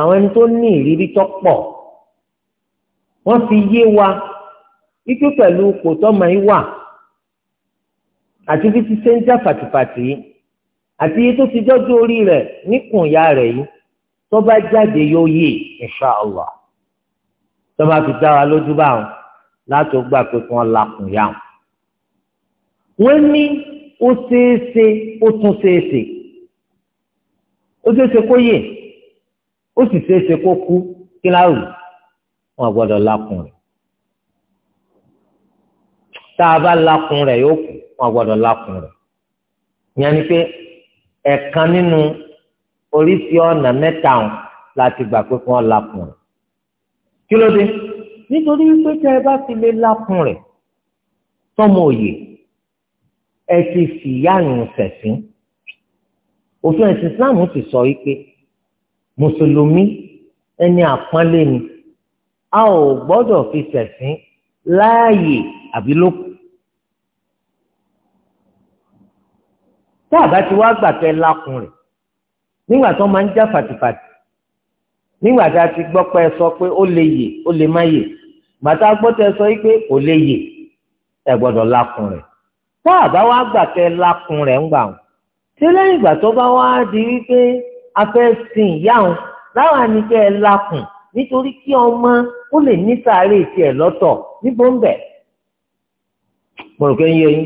àwọn ẹni tó ní ìrírí tó pọ̀ wọ́n fi yé wa ikú pẹ̀lú kòtọ́mọ yìí wà àti bí ti ṣe ń já fàtìfàtì yìí àti iye tó ti dọ́jú orí rẹ̀ níkùn ìyá rẹ̀ yìí tó bá jáde yóò yè insha Allah tó bá fi dá wa lójú báwọn láti gbà pé kí wọ́n lakùn yá wọn. wọ́n ní ó ṣeéṣe ó tún ṣeéṣe ó ṣeéṣe kó yè ó sì ṣeéṣe kó kú kí láwùjọ wọn gbọ́dọ̀ lakùn rẹ̀ tá a bá lakùn rẹ̀ yóò kù wọn gbọ́dọ̀ lakùn rẹ̀ ìyẹn ni pé ẹ̀kan nínú oríṣi ọ̀nà mẹ́ta ọ̀hún láti gbà pé kí wọ́n lakùn rẹ̀ kí ló dé nítorí pé tẹ́ ẹ bá ti lè lakùn rẹ̀ tọ́mọ òye ẹ ti fìyà yùn sẹ̀sìn òfin ẹ̀sìn Islam ti sọ yìí pé mùsùlùmí ẹni àpọ́nlé ni a ò gbọ́dọ̀ fi sẹ̀sìn láàyè àbí lókù. tá a bá ti wá gbà kẹ́ lákun rẹ̀ nígbà tó máa ń já fàtìfàtì nígbà tá a ti gbọ́ pé ẹ sọ pé ó lè yè ó lè má yè bàtà gbọ́ tẹ sọ pé kò lè yè ẹ gbọ́dọ̀ lákun rẹ̀ tá a wá gbà kẹ́ lákun rẹ̀ ń gbà wọn tí lẹ́yìn ìgbà tó bá wá di wípé a fẹ́ ìyá wọn láwọn àníkẹ́ lákun nítorí kí ọmọ ó lè ní sàárè tiẹ̀ lọ́tọ̀ níbo ń bẹ̀ mo rò pé ń yé yín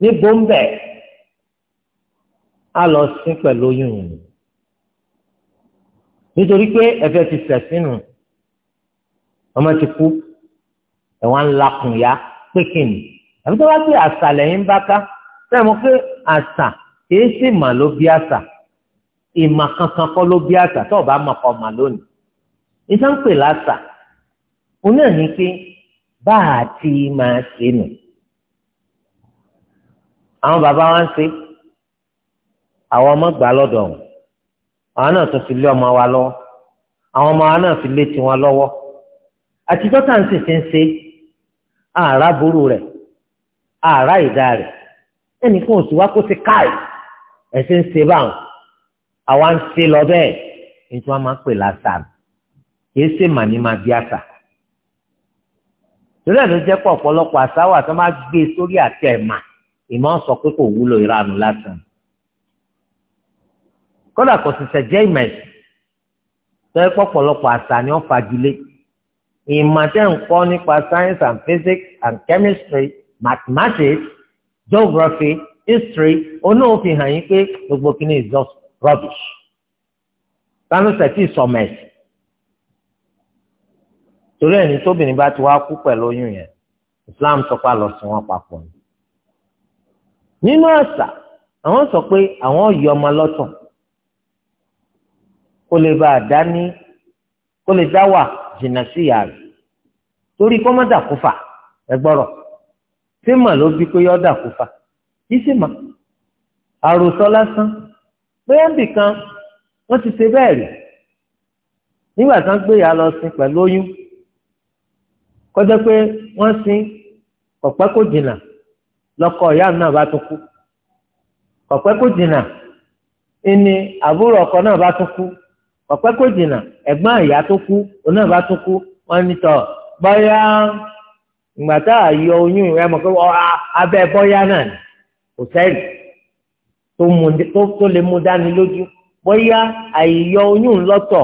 níbo ń bẹ̀ á lọ sí pẹ̀lú oyún yìí nítorí pé ẹ̀fẹ̀ ti sẹ̀sínù ọmọ ti kú ẹ̀wọ̀n ńlá kùn ya pé kìnnì àbí tó bá pé àṣà lẹ́yìn bá ká sẹ́mu pé àṣà kìí sì mà àṣà ìmà kankan kọ́ ló bí àṣà tó o bá mọ̀ kọ́ mà ìjọ ń pè láṣà òun náà ní pé bá a ti máa ṣe nù àwọn bàbá wa ń ṣe àwọn ọmọ gbà lọ́dọ̀ wọn àwọn náà tó fi lé ọmọ wa lọ́wọ́ àwọn ọmọ wa náà fi lé tiwọn lọ́wọ́ àtijọ́ tá ń sì fi ń ṣe àárá burú rẹ̀ àárá ìdá rẹ̀ ẹnìkan ò sì wá kó sí káì ẹ̀sìn ń ṣe báwọn àwa ń ṣe lọ bẹ́ẹ̀ nítorí wọn máa ń pè lásán kìí ṣe mà ní máa bí àṣà torí ẹ̀ ló jẹ́ pọ̀ ọ̀pọ̀lọpọ̀ àṣàwà tó máa gbé sórí àti ẹ̀mà ìmọ̀ sọ pé kò wúlò ìranù lásán kódà kò sì ṣẹ̀jẹ́ ìmọ̀ ẹ̀sìn tó ẹ pọ̀ ọ̀pọ̀lọpọ̀ àṣà ni wọ́n fagilé ìmọ̀ tẹ́ ń kọ́ nípa science and physics and chemistry mathematics geography history onóòfin hàn yín pé gbogbo kìíní is just rubbish tánú sẹ́tì sọmẹ̀sì torí ẹni tóbìnrin bá ti wá kú pẹ̀lú oyún yẹn Islam sọ pé àlọ́ sí wọn papọ̀ ni. nínú àṣà àwọn sọ pé àwọn yọ ọmọ lọ́tọ̀ kó lè bá a dá ní kó lè dá wà jìnnà sí ìyá rẹ̀ torí kó má dàkú fà ẹ gbọ́rọ̀ ṣé mà ló bí pé yọ dàkú fà yìí sì mà àròsọ lásán bóyá nbìkan wọ́n ti ṣe bẹ́ẹ̀ rí nígbà tí gbé ìyá lọ sí pẹ̀lú oyún. kọjá pé wọ́n sin ọ̀pẹ́ kò jìnnà lọ́kọ ìyá náà bá tún kú ọ̀pẹ́ kò jìnnà ìní àbúrò ọkọ náà bá tún kú ọ̀pẹ́ kò jìnnà ẹ̀gbọ́n ìyá tó kú òun náà bá tún kú wọ́n ní tọ̀ bọ́yá ìgbà tá a yọ oyún rẹ mọ̀ pé abẹ́ bọ́yá náà ni kò sẹ́ẹ̀lì tó lè mú dání lójú bọ́yá àìyọ oyún lọ́tọ̀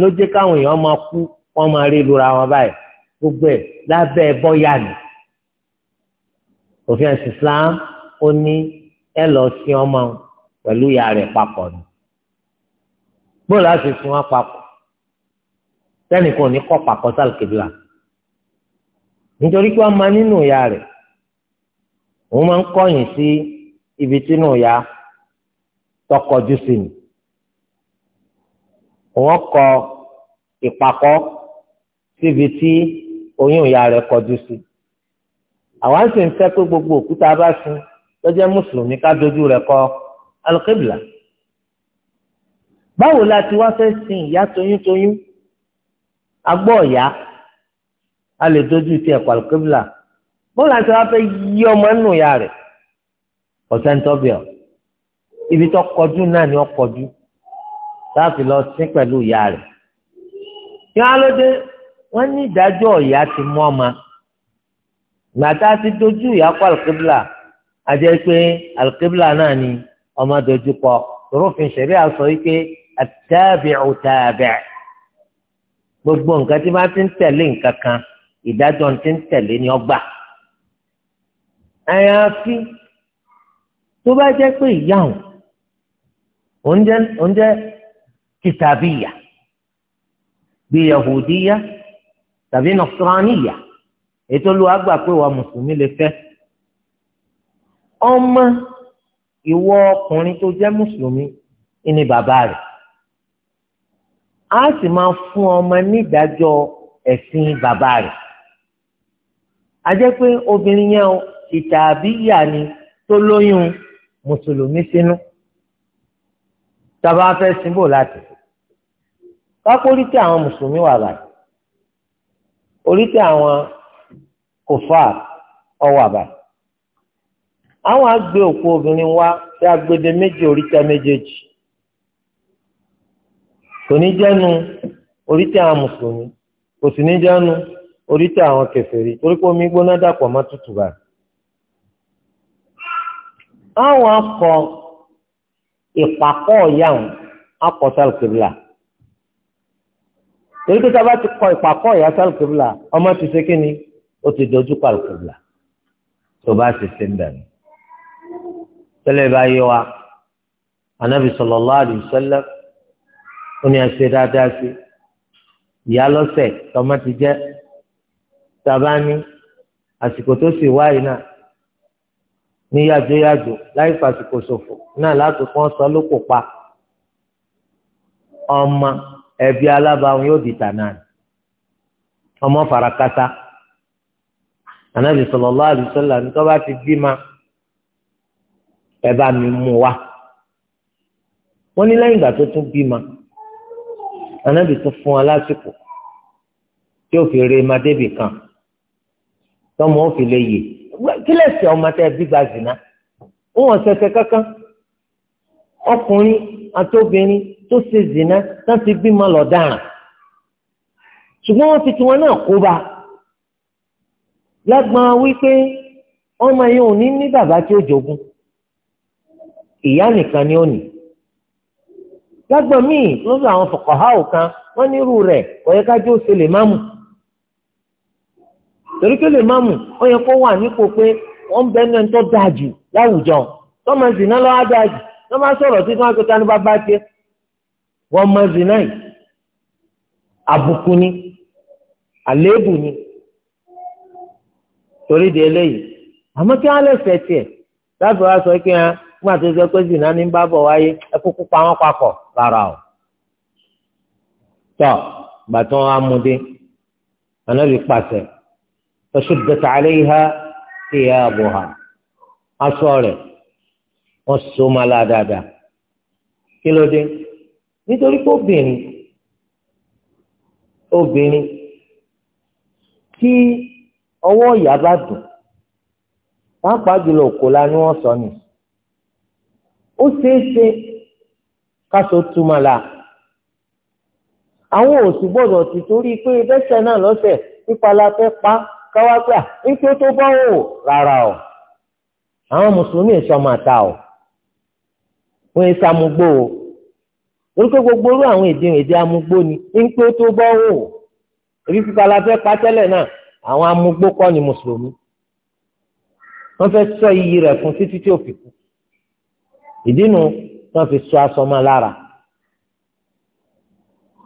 ló jẹ́ káwọn èèyàn máa kú wọ́n máa rí lura wọn báyìí gbogbo ẹ̀ lábẹ́ bọ́yà ni òfin ẹ̀sìn Islam ó ní ẹ lọ sin ọmọ pẹ̀lú ìyá rẹ̀ papọ̀ ni bóòlù á sì sin wọn papọ̀ sẹ́nìkan ò ní kọ́ papọ̀ sálùkìbìlà nítorí pé wọ́n máa nínú ìyá rẹ̀ òun máa ń kọ̀yìn sí ibi tínú ìyá tọkọjú sí ni òun kọ ìpàkọ́ síbi tí oyún ìyá rẹ̀ kọjú sí àwa sì ń fẹ́ pé gbogbo òkúta bá sin lọ́jọ́ mùsùlùmí ká dojú rẹ̀ kọ alùkébìlà báwo la ti wá fẹ́ sin ìyá toyúntoyún agbọ́ ọ̀yá a lè dojú ti ẹ̀kọ́ alùkébìlà báwo la ti wá fẹ́ yí ọmọ nù ìyá rẹ̀ ọ̀sẹ̀ntọ́bíọ̀ ibi tó kọjú náà ni ó kọjú láti lọ sí pẹ̀lú ìyá rẹ̀ kí wọ́n wọ́n ní ìdájọ́ ìyá ti mú ọmọ gbàtà ti dojú ìyá kọ alùkébìlà àjẹ́ pé alùkébìlà náà ni ọmọ dojú kọ rúfin ṣẹ̀rí àsọ yìí pé àtàbíù tàbíù gbogbo nǹkan tí wọ́n ti ń tẹ̀lé nǹkan kan ìdájọ́ ti ń tẹ̀lé ni ọgbà àyàfi tó bá jẹ́ pé ìyá òun oúnjẹ oúnjẹ kìtàbíyà bí yahudiya tàbí nọsiraniya ètò lu àgbà pé wà mùsùlùmí lè fẹ́ ọmọ ìwọ ọkùnrin tó jẹ́ mùsùlùmí ni bàbá rẹ̀ a sì máa fún ọmọ nídàájọ́ ẹ̀sìn bàbá rẹ̀ a jẹ́ pé obìnrin yẹn o ìtàbíyà ni tó lóyún mùsùlùmí sínú tàbá fẹ́ síbò láti kápórí àwọn mùsùlùmí wà báyìí orí tí àwọn kò fà ọwọ́ àbá àwọn àgbẹ̀ òkú obìnrin wa tí agbede méjì orí tí a méjèèjì kò ní jẹ́nu orí tí àwọn mùsùlùmí kò sì ní jẹ́nu orí àwọn kèfèrí torí pé omi gbóná dàpọ̀ má tutù bá. àwọn akọ ìpàkọ́ ọ̀yà wọn akọ sálùkìbìlà torí pé tábà ti kọ ìpàkọ́ ìyá sálùkìbìlà ọmọ ti ṣe kíni ó ti dojú pàlùkìbìlà tó bá ti ṣe ń bẹ̀rẹ̀. tẹ́lẹ̀ bá yé wa anabi sallallahu alaihi wasallam ó ní ẹsẹ̀ dáadáa sí ìyá lọ́sẹ̀ tọmọ ti jẹ́ tábà ní àsìkò tó sì wáyé náà ní yájóyájó láì fàsìkò ṣòfò náà láti pọ́n sọ lóko pa ọmọ ẹbí alábàáwọn yóò di tànà ọmọ farakata anabi sallallahu alaihi wasallam ní tó bá ti bí ma ẹ bá mi mú wa wọ́n ní lẹ́yìn ìgbà tó tún bí ma anabi tún fún wa lásìkò tí ó fi re madébì kan tọmọ ó fi lè yè kí lẹsẹ ọmọ tẹ bí gba zina ó wọn ṣẹ̀ṣẹ̀ kankan ọkùnrin àtobìnrin tó ṣe zina tó ti bímọ lọ́daràn ṣùgbọ́n wọ́n fi tiwọn náà kó bá lágbọ́n wípé ọmọ yẹn ò ní ní bàbá tí ó jogún ìyá nìkan ni ó ní lágbọ́n míì lọ́dọ̀ àwọn fọkànháwò kan wọ́n nírú rẹ̀ kò yẹ ká jó ṣe lè má mú torí pé lè má mú ó kó wà nípò pé wọ́n bẹ ní ẹni tó dáa jù láwùjọ tọ́mọ zina lọ́wọ́ dáa jù tọ́mọ sọ̀rọ̀ sí fún akẹ́kọ̀ọ́ ní bàbá tiẹ̀ wọ́n mọ zina yìí àbùkù ni àléébù ni torí di eléyìí àmọ́ kí wọ́n lè fẹ́ tiẹ̀ láti wá sọ pé hàn fún àtúnṣe pé zina ní bá bọ̀ wáyé ẹ kúkú pa wọ́n papọ̀ rárá o tọ́ gbàtàn amúdé ànábì pàṣẹ fashuddat alayha thiyabuha aṣọ rẹ̀ wọ́n so ma la dáadáa kí ló dé nítorí pé obìnrin obìnrin tí ọwọ́ ìyá bá dùn pàápàá jùlọ òkò la ni wọ́n sọ ni ó ṣeé ṣe káṣọ túmọ̀ la àwọn òsì gbọ́dọ̀ ti torí pé ìdẹ́sẹ̀ náà lọ́sẹ̀ pípa fẹ́ pa káwá gbà tó bá wò rárá o àwọn mùsùlùmí sọ máa o wọ́n ń sàmúgbò o. orúkọ gbogbo orú àwọn èdè èdè amúgbó ni ń pé tó bọ́ wò orí fífa la fẹ́ pa tẹ́lẹ̀ náà àwọn kọ́ ni mùsùlùmí wọ́n fẹ́ sọ iyì rẹ̀ fún títí tí ò fi kú fi sọ aṣọ mọ́ lára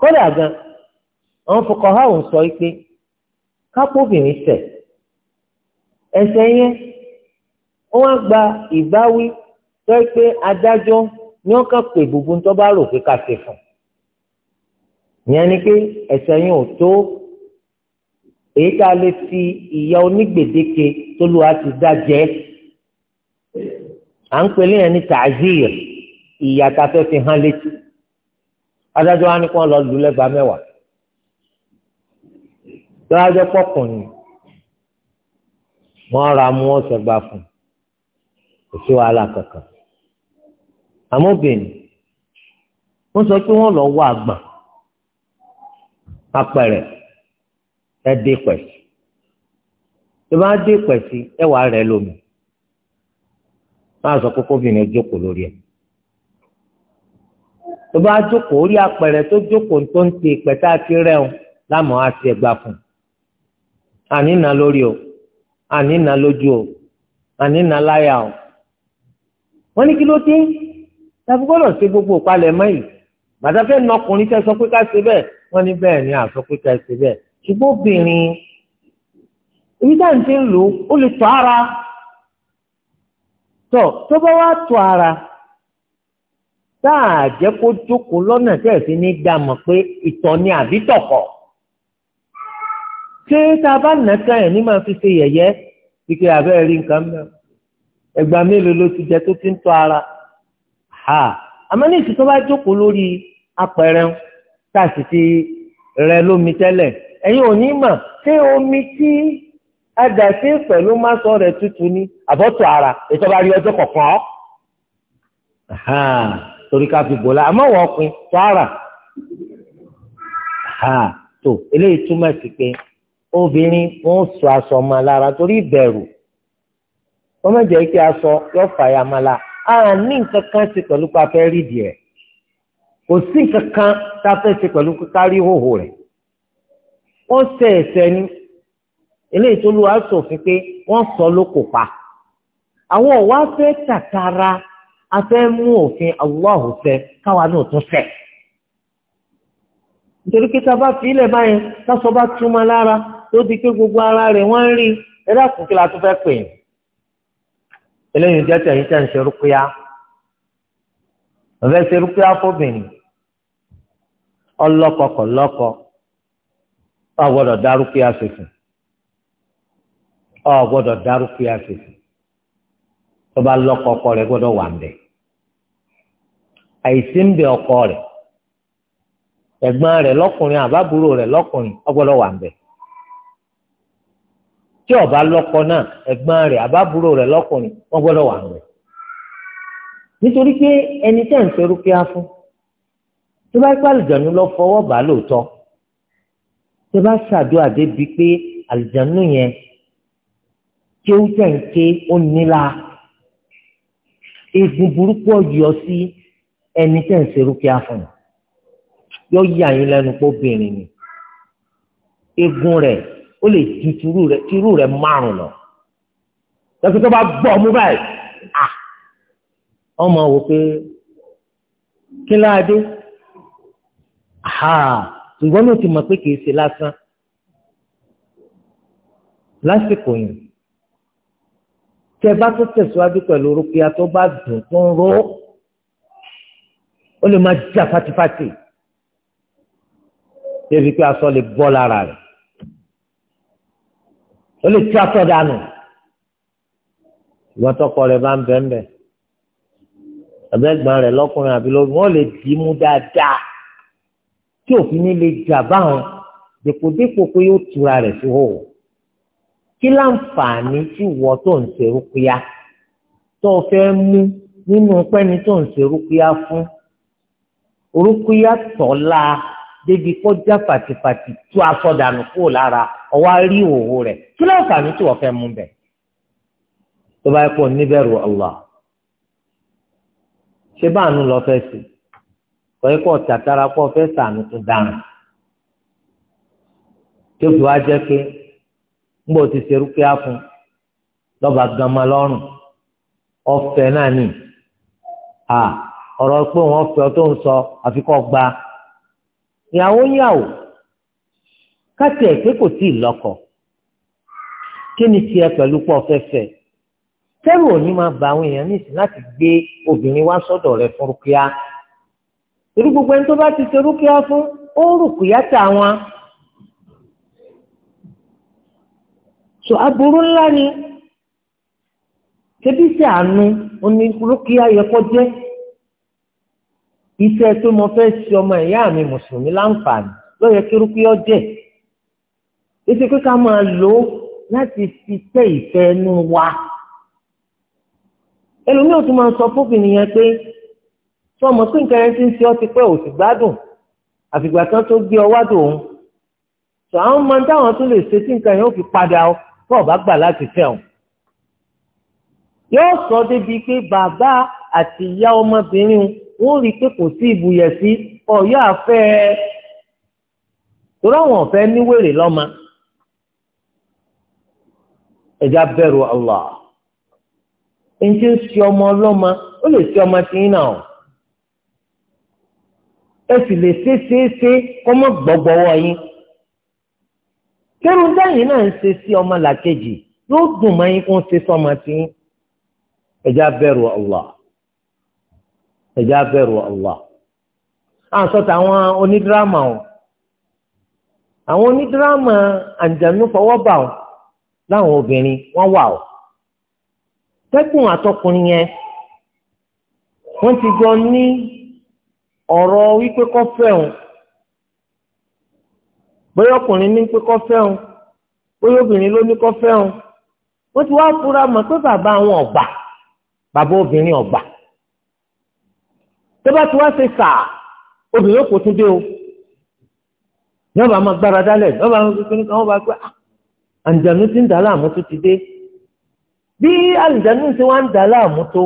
kódà gan àwọn fọkànhá ò ń sọ pé kápóbìnrin ṣẹ̀ yẹn wọ́n gba ìbáwí sọ pé adájọ́ ní ó kàn pé gbogbo ń tọ́ rò pé ká ṣe fún ìyẹn ni pé ẹ̀sẹ̀ yẹn ò tó èyí tá a lè fi ìyá onígbèdéke tó lù á ti dá jẹ́ à ń pè léyìn ní tàzír ìyá tá fẹ́ fi hàn létí adájọ́ wa ni kí wọ́n lọ lù lẹ́gbàá mẹ́wàá tọ́lájọ́ pọ̀kùnrin wọ́n ra mú ọ̀sẹ̀ gbà fún kò sí wàhálà kankan àmọ́ obìnrin wọ́n sọ pé wọ́n lọ wá àgbà apẹ̀rẹ̀ ẹ dé pẹ̀sì tó bá dé pẹ̀sì ẹ wàá rẹ̀ lómi máa sọ pé kóbìnrin jókòó lórí ẹ̀ tó bá jókòó orí apẹ̀rẹ̀ tó jókòó tó ń ti pẹ̀tà ti rẹ̀hùn lámọ̀ á ti ẹgbà fún un ànínà lórí o ànínà lójú o ànínà láyà o wọ́n ní kí ló dé tàbí gbọ́dọ̀ ṣe gbogbo ìpalẹ̀mọ́ yìí bàtà fẹ́ nà ọkùnrin tẹ́ sọ pé ká ṣe bẹ́ẹ̀ wọ́n ní bẹ́ẹ̀ ni àsọ pé ká ṣe bẹ́ẹ̀ ṣùgbọ́n obìnrin ibi táà ń ti ń lò ó lè tọ́ ara tọ̀ tó bá wá tọ́ ara táà jẹ́ kó jókòó lọ́nà tẹ̀ sí ní dàmọ̀ pé ìtọ̀ ni àbí tọ̀kọ̀ ṣé tá a bá nà ká ní máa fi ṣe yẹ̀yẹ́ kíkẹ́ abẹ́rẹ́ rí nǹkan mẹ́rin ẹgbàá mélòó ló ti jẹ tó ti ń tọ́ ara ha àmọ́ ní ìsìn tó bá jókòó lórí apẹ̀rẹ̀ tá a sì ti rẹ lómi tẹ́lẹ̀ ẹ̀yin ò ní mà ṣé omi tí adàsí pẹ̀lú másọ rẹ̀ tútù ní àbọ̀tọ̀ ara ètò bá rí ọjọ́ kọ̀ọ̀kan torí ká fi bòlá àmọ́ wọ́n pin tó ara tó eléyìí túmọ̀ sí pé obìnrin wọn ò sọ aṣọ ọmọ lára torí ìbẹ̀rù wọ́n mọ̀ jẹ́ kí aṣọ yọ fàyàmọ́lá a ní nǹkan kan ṣe pẹ̀lú pé a fẹ́ rí díẹ̀ kò sí nǹkan kan tá a fẹ́ ṣe pẹ̀lú pé ká rí hòhò rẹ̀ wọ́n ṣe ẹ̀ṣẹ̀ ni eléyìí tó lu aṣòfin pé wọ́n sọ ló kò pa àwọn ọ̀wá fẹ́ tàtàrà a mú òfin Allahu ṣẹ káwa náà tún ṣẹ nítorí pé tá bá fi ilẹ̀ báyẹn tá sọ bá túmọ̀ lára tó di pé gbogbo ara rẹ̀ wọ́n ń rí ẹ dákun kí fẹ́ pè é eléyìí jẹ́ tẹ̀yìn tẹ̀ ń ṣe rúkúyá ọ̀fẹ́ ṣe rúkúyá fóbìnrin ọlọ́kọ kọ̀ lọ́kọ ọ̀ gbọ́dọ̀ dá rúkúyá ṣèṣin ọ̀ gbọ́dọ̀ dá rúkúyá ṣèṣin tó bá lọ́kọ ọkọ rẹ̀ gbọ́dọ̀ wà ń bẹ̀ àìsí ń bẹ ọkọ rẹ̀ ẹ̀gbọ́n rẹ̀ lọ́kùnrin àbábúrò rẹ̀ lọ́kùnrin ọ gbọ́dọ̀ wà ń bẹ̀ tí ọba lọ́kọ náà ẹ̀gbọ́n rẹ̀ àbábúrò rẹ̀ lọ́kùnrin wọ́n gbọ́dọ̀ wà nù. nítorí pé ẹni tẹ́ ń fẹ́ rúkìá fún tó bá pẹ́ àlùjànnú lọ fọwọ́ bá lóòótọ́ tó bá ṣàdúrà débi pé àlùjànnú yẹn kéwú tẹ̀ ń ké ó nílá egun burúkú ọ̀yọ́ sí ẹni tẹ̀ ń ṣe rúkìá fún yọ yí àyín lẹ́nu pé obìnrin ni egun rẹ̀ ó lè ju tirú rẹ̀ tirú rẹ̀ márùn lọ lọ́sọ̀ tó bá gbọ́ ọmú báyìí à ọmọ wò pé kí láadé ṣùgbọ́n náà ti mọ̀ pé kìí ṣe lásán lásìkò yìí tẹ bá tó tẹ̀síwájú pẹ̀lú rúkìá tó bá dùn tó ń ró ó lè máa jà fátifáti débi pé aṣọ lè bọ́ lára rẹ̀ ó lè tí aṣọ dànù ìwọ tọkọ rẹ bá ń bẹ ń bẹ àbẹ́gbọ́n rẹ lọ́kùnrin àbí lóbi wọ́n lè dì í mú dáadáa tí òfin ní lè jà báwọn dèpòdépò pé yóò tura rẹ̀ sí hòhò kí láǹfààní tí wọ́ tó ń ṣerú píá tó o fẹ́ mú nínú pẹ́ni tó ń ṣerú píá fún orúkúyà tọ́lá débi kọjá pàtìpàtì tú aṣọ dànù kúrò lára ọwọ́ rí òwò rẹ̀ kí láǹfààní tí wọ́n fẹ́ mú bẹ̀ tó bá pọ̀ níbẹ̀rù Allah ṣé báànú lọ fẹ́ sí kọ́yẹ́ pọ̀ tàtàrà pọ̀ fẹ́ sànù tó dáhùn tó fi wá jẹ́ pé ńgbọ́ ti ṣerú pé á fún lọ́ba gama lọ́rùn ọ̀fẹ́ náà nì ọ̀rọ̀ pé wọ́n fẹ́ tó ń sọ àfikọ́ gba ìyàwó yàwó. káti ẹ̀ pé kò tí ì kí ni tiẹ̀ pẹ̀lú pọ̀ fẹ́fẹ́ tẹ́rù òní máa ba àwọn èèyàn nísìn láti gbé obìnrin wá sọ́dọ̀ gbogbo ẹni tó ti ṣe rúkìá fún ó ń rùkìá tà wọn. so aburú ńlá ni ṣebí sí àánú oní rúkìá yẹ jẹ́ iṣẹ́ tó mo fẹ́ ṣe ọmọ ìyá mi mùsùlùmí láǹfààní ló kí rúkìá jẹ́. èsì pé ká máa lò ó láti fi tẹ́ ìfẹ́ inú wa ẹlòmíì ò tún máa sọ fún kìnìyàn pé tí ọmọ pé nǹkan ẹ ti ń ṣe ọ ti pẹ́ ò sì gbádùn àfìgbà kan tó gbé ọ wádùn òun tó àwọn máa ń dáwọn tó lè ṣe tí nǹkan yẹn ó fi padà ọ tó ọba gbà láti fẹ́ ọ yóò sọ débi pé bàbá àti ìyá ọmọbìnrin wọn rí i pé kò sí ìbùyẹ̀sí ọ̀yọ́ àfẹ́ ẹ̀ torí àwọn ọ̀fẹ́ níwèrè lọ́mọ ẹ̀já bẹ̀rù Allah ẹnjẹ́ sí ọmọ ọlọ́mọ ó lè sí ọmọ tí ń nà ọ́ ẹ sì lè ṣe ṣe é ṣe kọ́ mọ́ gbọ́gbọ́wọ́ yín kẹrù dáhìn náà ń ṣe sí ọmọ làkejì yóò dùn mọ́ yín kó ń ṣe sọ́mọ tí ń ẹ̀já bẹ̀rù Allah ẹ̀já bẹ̀rù Allah àṣọ tàwọn onídírámà ọ̀ àwọn onídírámà àǹjànú fọwọ́ bà ọ́ láwọn obìnrin wọ́n wà ó tẹ́kùn àtọkùnrin yẹn wọ́n ti gbọ́ ní ọ̀rọ̀ wípé kọ́ fẹ́hùn bóyá ọkùnrin ní pé kọ́ fẹ́hùn bóyá obìnrin ló ní kọ́ fẹ́hùn wọ́n ti wá fura mọ̀ pé bàbá àwọn ọ̀gbà bàbá obìnrin ọ̀gbà tó bá ti wá ṣe sà obìnrin kò tún dé o yọba máa gbára dálẹ̀ yọba máa gbé kíní kan wọ́n bá pẹ́ ah àǹjànú ti ń dà láàmú tó ti dé bí àǹjànú ti wá ń dà láàmú tó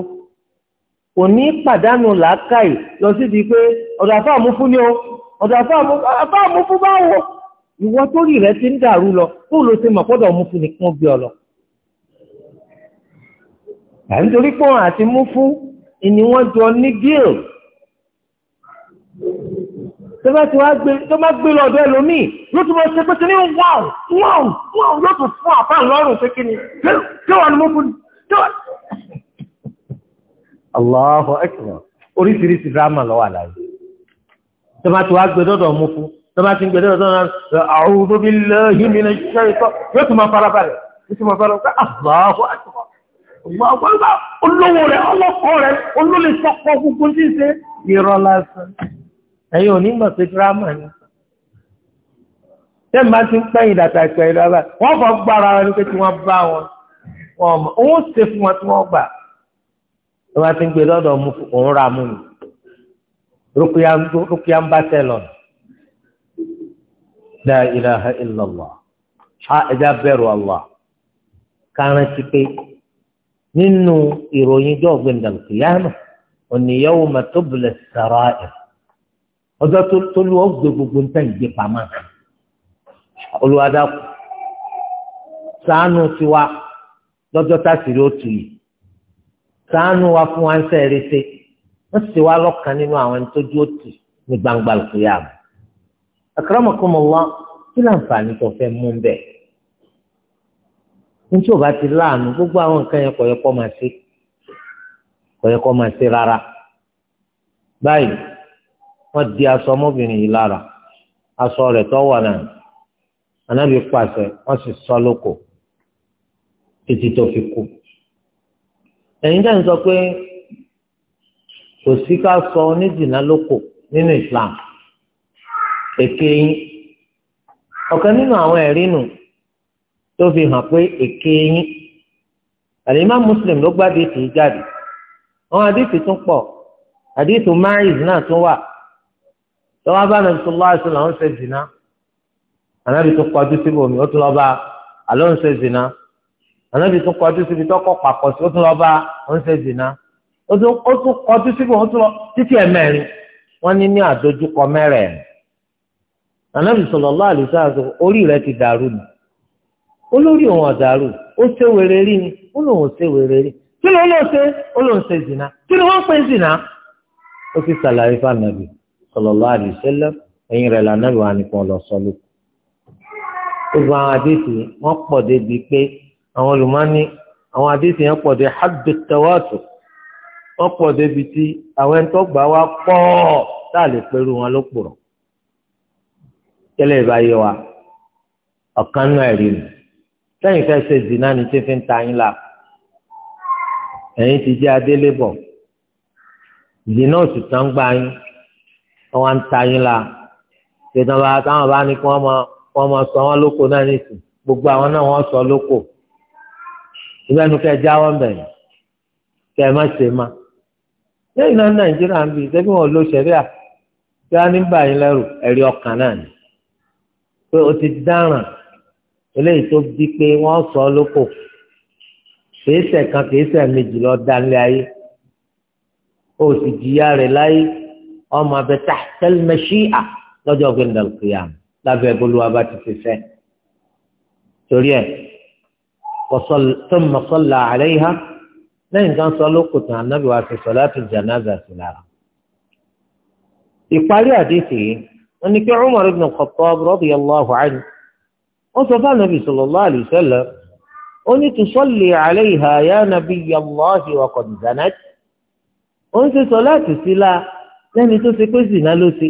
kò ní pàdánù làákàyè lọ sí di pé ọ̀dọ̀ àfáàmú fún ni o ọ̀dọ̀ àfáàmú fún báwo ìwọ tó rí rẹ ti ń dàrú lọ kó ló ṣe mọ̀ pọ́dọ̀ mú fún ni kí wọ́n gbé ọ lọ. à ń torí pọ́n àti mú fún ni wọ́n jọ ní guild tó bá ti wá gbé tó bá gbé lọ ọ̀dọ̀ ẹlòmíì ló tún bá ṣe pé kíní wáù wáù wáù yóò tún fún àpá lọ́rùn pé kíní tí wọ́n mú fún Allahu akbar oríṣiríṣi drama lọ́wọ́ àlàyé tó bá ti wá gbé dọ́dọ̀ mú fún tó ah, olówó rẹ̀ ọlọ́kọ̀ rẹ̀ olólè sọ́kọ̀ gbogbo ní ṣe ìrọ̀lásán ẹ̀yin ò ní mọ̀ pé dírámà ni tẹ́ máa ti ń pẹ́yìn dàtà ìpẹ́ ìlú ọba wọ́n kọ́ gbára wọn ni pé tí wọ́n bá wọn wọn mọ̀ òun ṣe fún wọn tí wọ́n gbà wọ́n máa ti ń gbé lọ́dọ̀ mu òun ra mú mi rúkìá ń bá tẹ̀ lọ. la ilaha illallah ẹja bẹ̀rù allah kárántí pé nínú ìròyìn jọ́ọ̀gbìn dàlùkìyàmù òní yawma ọjọ́ tó lu ọgbẹ gbogbo nta ìgbé pamọ́ olùwàdàkù ṣàánú tiwa lọ́jọ́ tásìrì ó tù yìí ṣàánú wa fún wa ń sẹẹrẹsẹ wọn sì wá lọ́kàn nínú àwọn ẹni tó dúró tì ní gbangba lùkúyà mọ akramakumullah kí láǹfààní tó fẹ́ mú bẹ́ẹ̀ nítorí ọba ti láàánú gbogbo àwọn nǹkan yẹn kọ̀yẹ́kọ́ máa ṣe kọ̀yẹ́kọ́ máa ṣe rárá báyìí. wọ́n di aṣọ ọmọbìnrin yìí lára aṣọ rẹ̀ tó wà náà anábì pàṣẹ wọ́n sì sọ lóko títí tó fi kú. ẹ̀yin dẹ́n sọ pé kò sí ká sọ onídìínà lóko nínú Islam èké yín ọ̀kan nínú àwọn ẹ̀rí tó fi hàn pé èké yín àlèmá Muslim ló gbá dìtì jáde àwọn àdìtì tún pọ̀ àdìtì máàrìs náà tún wà. lọ́wọ́ bá nàbí sọlá àṣọ làwọn ṣe zina ànábì tó kọjú síbi omi ó tún lọ́ọ́ bá àlọ́ ń ṣe zina ànábì tó kọjú síbi tọ́kọ̀ pàkọ́ sí ó tún bá ó ń ṣe zina ó tún kọjú síbi ó tún lọ títí wọ́n ní ní àdójúkọ ànábì àlùsá àṣọ orí ti dàrú ni olórí òun ó ṣe wèrè rí ni ó lòun ṣe wèrè rí kí sallallahu alaihi wasallam ẹ̀yìn rẹ̀ lànà ìwà nìkan lọ sọ lóko. gbogbo àwọn àdéhùn wọn pọ̀ débi pé àwọn olùmọ́ni àwọn àdéhùn yẹn pọ̀ dé haddu tawatur wọn pọ̀ débi tí àwọn ẹni tó gbà wá pọ̀ tá a lè pẹ̀lú wọn ló pòrọ̀. tẹ́lẹ̀ ìbáyé wa ọ̀kan náà rí mi sẹ́yìn fẹ́ ṣe zina ni tí fi ń ta yín la ẹ̀yin ti jẹ́ adélébọ̀ zina ò sì tán yín wọn ń ta yín la ìjọba táwọn bá ní kí wọn máa wọn máa sọ wọn lóko náà nìsín gbogbo àwọn náà wọn sọ lóko ìbẹnu kẹ jáwọ́ mbẹ kẹ má ṣe má lẹ́yìn náà nàìjíríà ń bì sẹbi wọn ló ṣẹlẹ̀ à kí wọn ní báyìí lẹ́rù ẹ̀rí ọkàn náà ni pé o ti dáràn eléyìí tó di pé wọn sọ lóko kìí ṣẹ̀kan kìí ṣẹ̀ méjì lọ dánilé ayé o sì jìyà rẹ̀ láyé. ọmọ abẹ tahtal mashi'a lọ́jọ́ gbẹ̀ndà al-qiyam lábẹ́ gbólóhùn abá ti fi fẹ́ torí ẹ̀ thumma salla 'alayha lẹ́yìn kan sọ lókùtàn anábì wa fi salatu janaza sí lára. ìparí àdéhùn yìí wọ́n ní kí Umar ibn al-Khattab radiyallahu anhu wọ́n sọ fún anábì sallallahu alayhi wa sallam ó ní tusalli 'alayha ya nabiyyallahi wa qad zanat ó ń ṣe sọ láti sí lára. lẹ́ni tó ṣe pé zina ló ṣe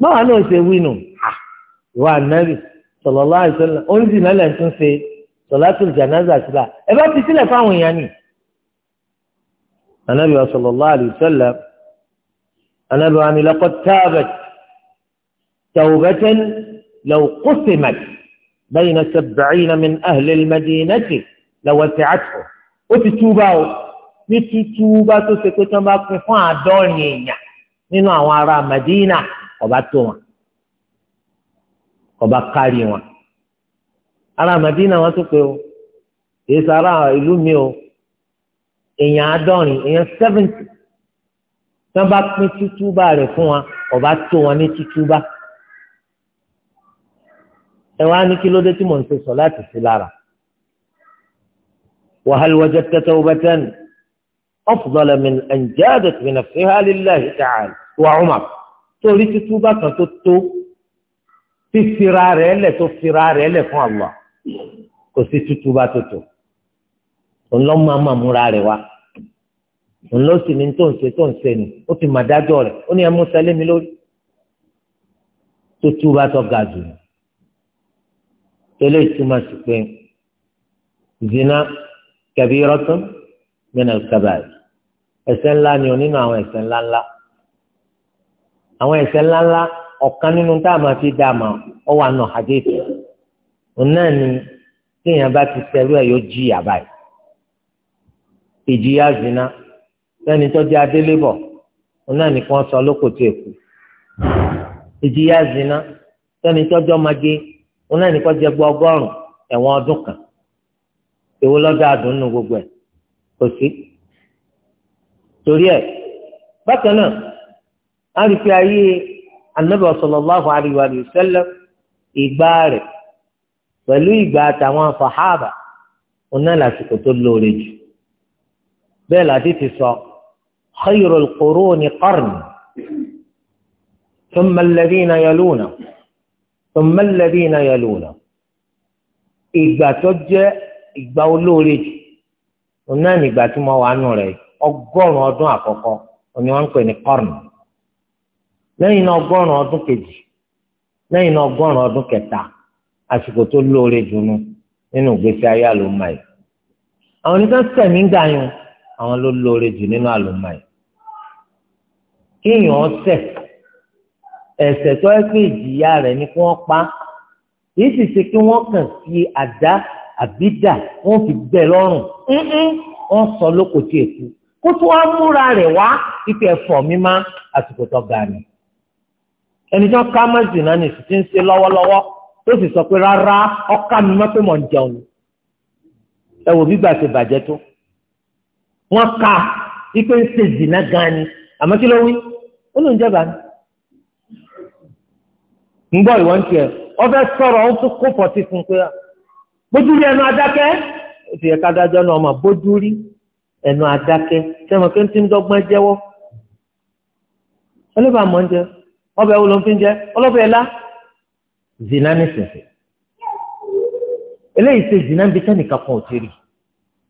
báwa náà ṣe wí nù ìwà ànábì sallallahu alaihi wasallam ó ń zina lẹ́ni tó ń ṣe salatul janaza sílá ẹ bá ti sílẹ̀ fáwọn èèyàn nì. ànábì wa sallallahu alaihi wasallam ànábì wa ni lọ́kọ́ laqad tabat tawbatan law qusimat bayna sab'ina min ahli al-madinati lawasi'athu ó ti túbà o. ní tútú bá tó ṣe pé tí wọ́n bá pín fún àádọ́rin èèyàn nínú àwọn ará Madina ọba tó wọn ọba kárí wọn ará Madina wọn tó pé o èyí sára ìlú mi o èèyàn àádọ́rin èèyàn seventy tí wọ́n bá pín tútú bá rẹ̀ fún wọn ọba tó wọn ní tútú bá ẹ wá ní kí ló dé tí mò ń ṣe sọ láti sí lára wàhálà wàjẹ tẹtẹ ọba tẹnu afdala min an jadat min nafsiha lillahi ta'ala wa Umar torí tútúbà kan tó tó fífira rẹ̀ lẹ̀ tó fira rẹ̀ lẹ̀ fún Allah kò sí tútúbà tó tó òun lọ́ máa máa múra rẹ̀ wá òun ló sì ní tó ń ṣe tó ń ṣe ni ó ti mà dájọ́ rẹ̀ ó ní ẹ mú sẹ́lẹ̀ mi lórí tútúbà tó ga jù lọ tẹ́lẹ̀ ìtumọ̀ sí pé zina kabiratun min al-kabair ẹ̀ṣẹ̀ ńlá ni o nínú àwọn ẹ̀ṣẹ̀ ńlá ńlá àwọn ẹ̀ṣẹ̀ ńlá ńlá ọ̀kan nínú tá a máa fi dá a mà ọ wà nù hadithi òun náà ni téèyàn bá ti sẹrú ẹ yóò jìyà báyìí ìjìyà zina sẹni tó di adélébọ òun náà ni kí wọn sọ lóko tó èkó ìjìyà zina sẹni tó jọ magé òun náà ni kó jẹ gbọ ọgọ́rùn ẹ̀wọ̀n ọdún kan èwo lọdọ àdùn nù gbogbo ẹ kò sí torí ẹ̀ bákan náà a rí pé ayé anabi sallallahu alayhi wa sallam ìgbà rẹ̀ pẹ̀lú ìgbà àtàwọn fàhábà ọ̀nà lásìkò tó lóore jù bẹ́ẹ̀ láti ti sọ khayrul quruni qarni thumma alladhina yaluna thumma alladhina yaluna ìgbà tó jẹ́ ìgbà olóore jù ọ̀nà nígbà tí mo wà nù rẹ̀ yìí ọgọ́rùn ọdún àkọ́kọ́ ni wọ́n ń pè ní kọ́ọ̀nù lẹ́yìn náà ọgọ́rùn ọdún kejì lẹ́yìn náà ọgọ́rùn ọdún kẹta àsìkò tó lóore dùnú nínú ìgbésí ayé àlùmá yìí àwọn oníkan sẹ̀mí ń dàyún àwọn ló lóore jù nínú àlùmá yìí kéèyàn ọsẹ ẹsẹ tó ẹ pé ìjìyà rẹ̀ ni kí wọ́n pa kì í sì ṣe kí wọ́n kàn sí àdá àbídà wọ́n fi gbẹ́ lọ́rùn wọ́n sọ lóko tí èkú kó tó wá múra rẹ̀ wá ipe ẹ̀fọ́ mímá àsìkò tó ga ni. ẹni tí ká mẹ́sìn náà ní ìsìtí ń ṣe lọ́wọ́lọ́wọ́ tó sì sọ pé mi má pé mọ̀ ń jẹun ẹ wò bígbà ṣe bàjẹ́ tó. wọ́n ipe ń ṣe zìnà gan ni àmọ́ kí ló wí ó ló ń jẹba ni. ń gbọ́ ìwọ ẹnu adákẹ́ sẹ́wọ̀n kí n ti ń dọ́gbọ́n jẹ́wọ́ ọlọ́ba mọ̀ ń jẹ ọbẹ̀ wo ló ń fi jẹ ọlọ́bẹ̀ ẹ̀la zina ní sẹ̀sẹ̀ eléyìí ṣe zina ń bi tẹ́nìkan kan ò ti rí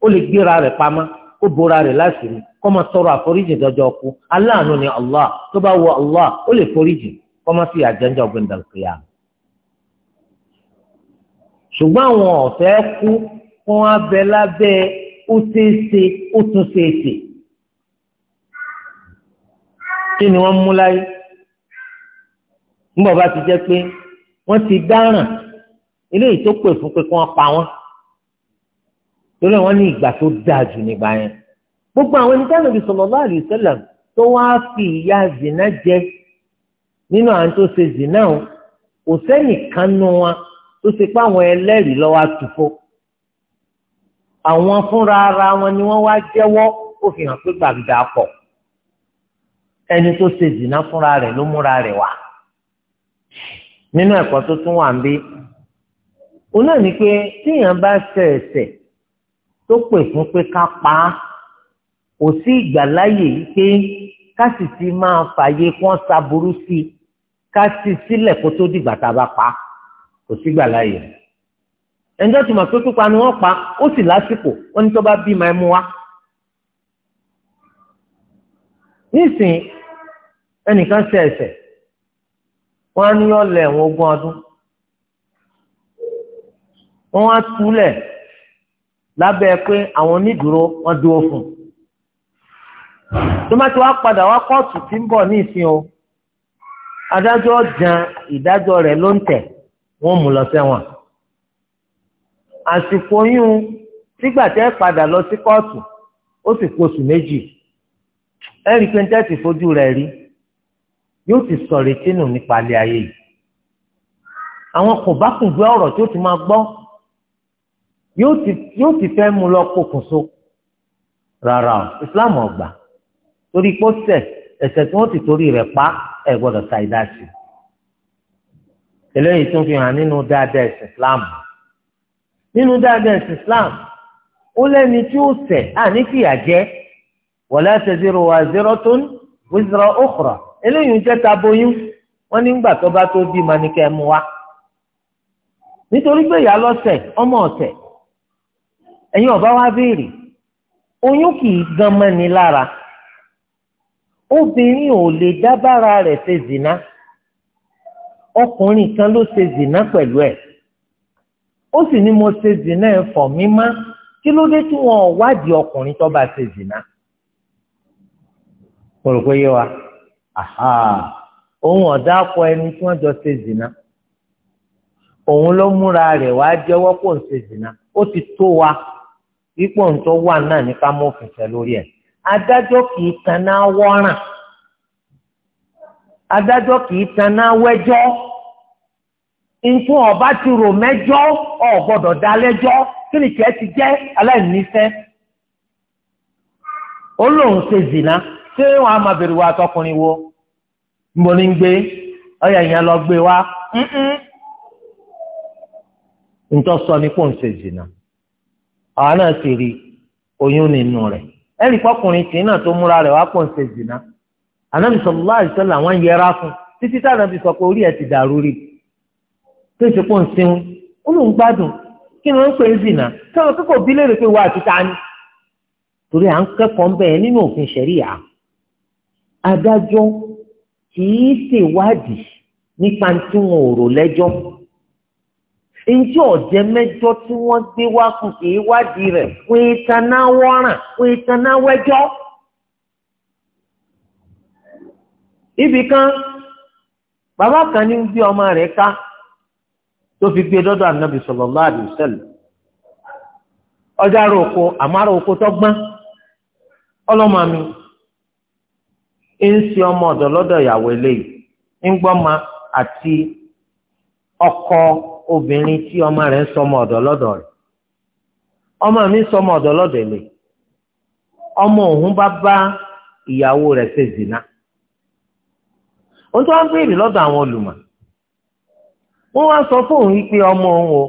ó lè gbéra rẹ̀ pamọ́ ó bora rẹ̀ láṣìírí kọ́mọ tọrọ àforíjì dọ́jọ́ ọkú aláàánú ni Allah tó bá wọ Allah ó lè foríjì kọ́mọ sí àjẹjọ́ ọgbìn dàlùkìyà ṣùgbọ́n àwọn ọ̀fẹ́ kú fún abẹ lábẹ́ ó ṣeéṣe ó tún ṣeéṣe kí ni wọ́n mú láyé nígbà bá ti jẹ́ pé wọ́n ti dáràn eléyìí tó pè fún pé kí wọ́n pa wọ́n torí wọ́n ní ìgbà tó dáa jù nígbà yẹn gbogbo àwọn ẹni tẹ́lẹ̀ bí sallallahu alaihi wasallam tó wáá fi ìyà zina jẹ nínú àwọn tó ṣe zina o kò sẹ́nìkan nu wọn tó ṣe pé àwọn ẹlẹ́rìí lọ́wọ́ àtúfò àwọn fúnra ara wọn ni wọ́n wá jẹ́wọ́ ó fi hàn pé gbàgbà pọ̀ ẹni tó ṣe zìnà fúnra rẹ̀ ló múra rẹ̀ wá nínú ẹ̀kọ́ tó tún wà ń bí òun náà ni pé tíyàn bá ṣe ẹ̀ṣẹ̀ tó pè fún pé ká pa á kò sí ìgbàláyè yìí pé ká sì ti máa fààyè kí wọ́n ṣaburú sí i ká sì sílẹ̀ kó tó dìgbà tá a bá pa á kò sí ìgbàláyè rẹ̀ ẹnjọ́ ti mọ̀ pé pípa ni wọ́n pa ó sì lásìkò wọ́n ní tó bá bí máa mú wa. nísìnyí ẹnìkan ṣe ẹ̀ṣẹ̀ wọ́n á ní yọ lẹ̀ ẹ̀wọ̀n ogún ọdún wọ́n á túlẹ̀ lábẹ́ pé àwọn onídùúró wọ́n dúró fún un. tomati wa padà wá kóòtù tí ń bọ̀ ní ìsìn o adájọ́ jan ìdájọ́ rẹ̀ ló ń tẹ̀ wọ́n mú lọ sẹ́wọ̀n àsìkò yún sígbà tẹ́ padà lọ sí kóòtù ó sì kó oṣù méjì ẹ rí i pé tẹ́tì fojú rẹ̀ rí yóò ti sọ̀rọ̀ etí nù nípa ilé ayé yìí àwọn kò bá kùn gbé ọ̀rọ̀ tó ti máa gbọ́ yóò ti fẹ́ mú lọ pokùnso rárá o Islam ọgbà torí pé ó ṣẹ̀ ẹ̀ṣẹ̀ tí wọ́n ti torí rẹ̀ pa ẹ̀ gbọ́dọ̀ ṣàìdá sí i eléyìí tún fi hàn nínú dáadáa ẹ̀sìn Islam. nínú dáadáa ẹ̀sìn Islam ó lẹ́ni tí ó ṣẹ̀ àní fìyà jẹ wala taziru waziratun wizra ukhra eléyìí ń jẹ́ taboyún wọ́n nígbà tó bá tó bí manikẹ́ mu wa nítorí pé lọ́sẹ̀ ọmọ wa béèrè oyún kì í gan lára obìnrin ò lè dábàrà ṣe ó sì ní mo ṣe zìnà mi mímá kí ló dé tí wọn wádìí ọkùnrin tó bá ṣe zìnà. mo yé wa òun ọ̀dà ẹni tí wọ́n jọ ṣe zìnà òun ló múra rẹ̀ wá jẹ́wọ́ pò ń ṣe zìnà ó ti tó wa ipò ń tó wà náà ní lórí ẹ̀ adájọ́ kì í taná wọ́ràn adájọ́ kì í ntún ọba ti rò mẹ́jọ ọ gbọ́dọ̀ ti jẹ́ aláìníṣẹ́ ó lóun ṣe zìnà ṣé wọn a máa bèrè wa àtọkùnrin wo mo ní gbé ọyà yẹn sọ ni kò ń ṣe zìnà náà sì rí oyún nínú rẹ̀ ẹnì kọkùnrin tì náà tó múra rẹ̀ wá kò ń ṣe fún títí tá sọ pé orí ti dàrú rí tó ṣe pọ̀ ń sinú ó lóun gbádùn kí ni wọ́n ń pè é zìnà táwọn akẹ́kọ̀ọ́ bí pé wà á ti torí à ń kẹ́kọ̀ọ́ ń nínú òfin ṣẹ̀ríyà adájọ́ kì í ṣèwádìí nípa tí wọn ò rò lẹ́jọ́ njẹ́ tí wọ́n gbé wá ọmọ tó fi gbé dọ́dọ̀ ànábì sallallahu alaihi wasallam ọjà oko oko tó gbọ́n ọlọ́mọ mi ń ṣe ọmọ ọ̀dọ̀ lọ́dọ̀ ìyàwó eléyìí ń gbọ́mọ àti ọkọ obìnrin tí ọmọ rẹ̀ ń sọmọ ọ̀dọ̀ lọ́dọ̀ ọmọ mi ń sọmọ ọ̀dọ̀ ọmọ òun bá bá ìyàwó rẹ̀ ṣe wá ń àwọn wọ́n wá sọ fún òun pé ọmọ òun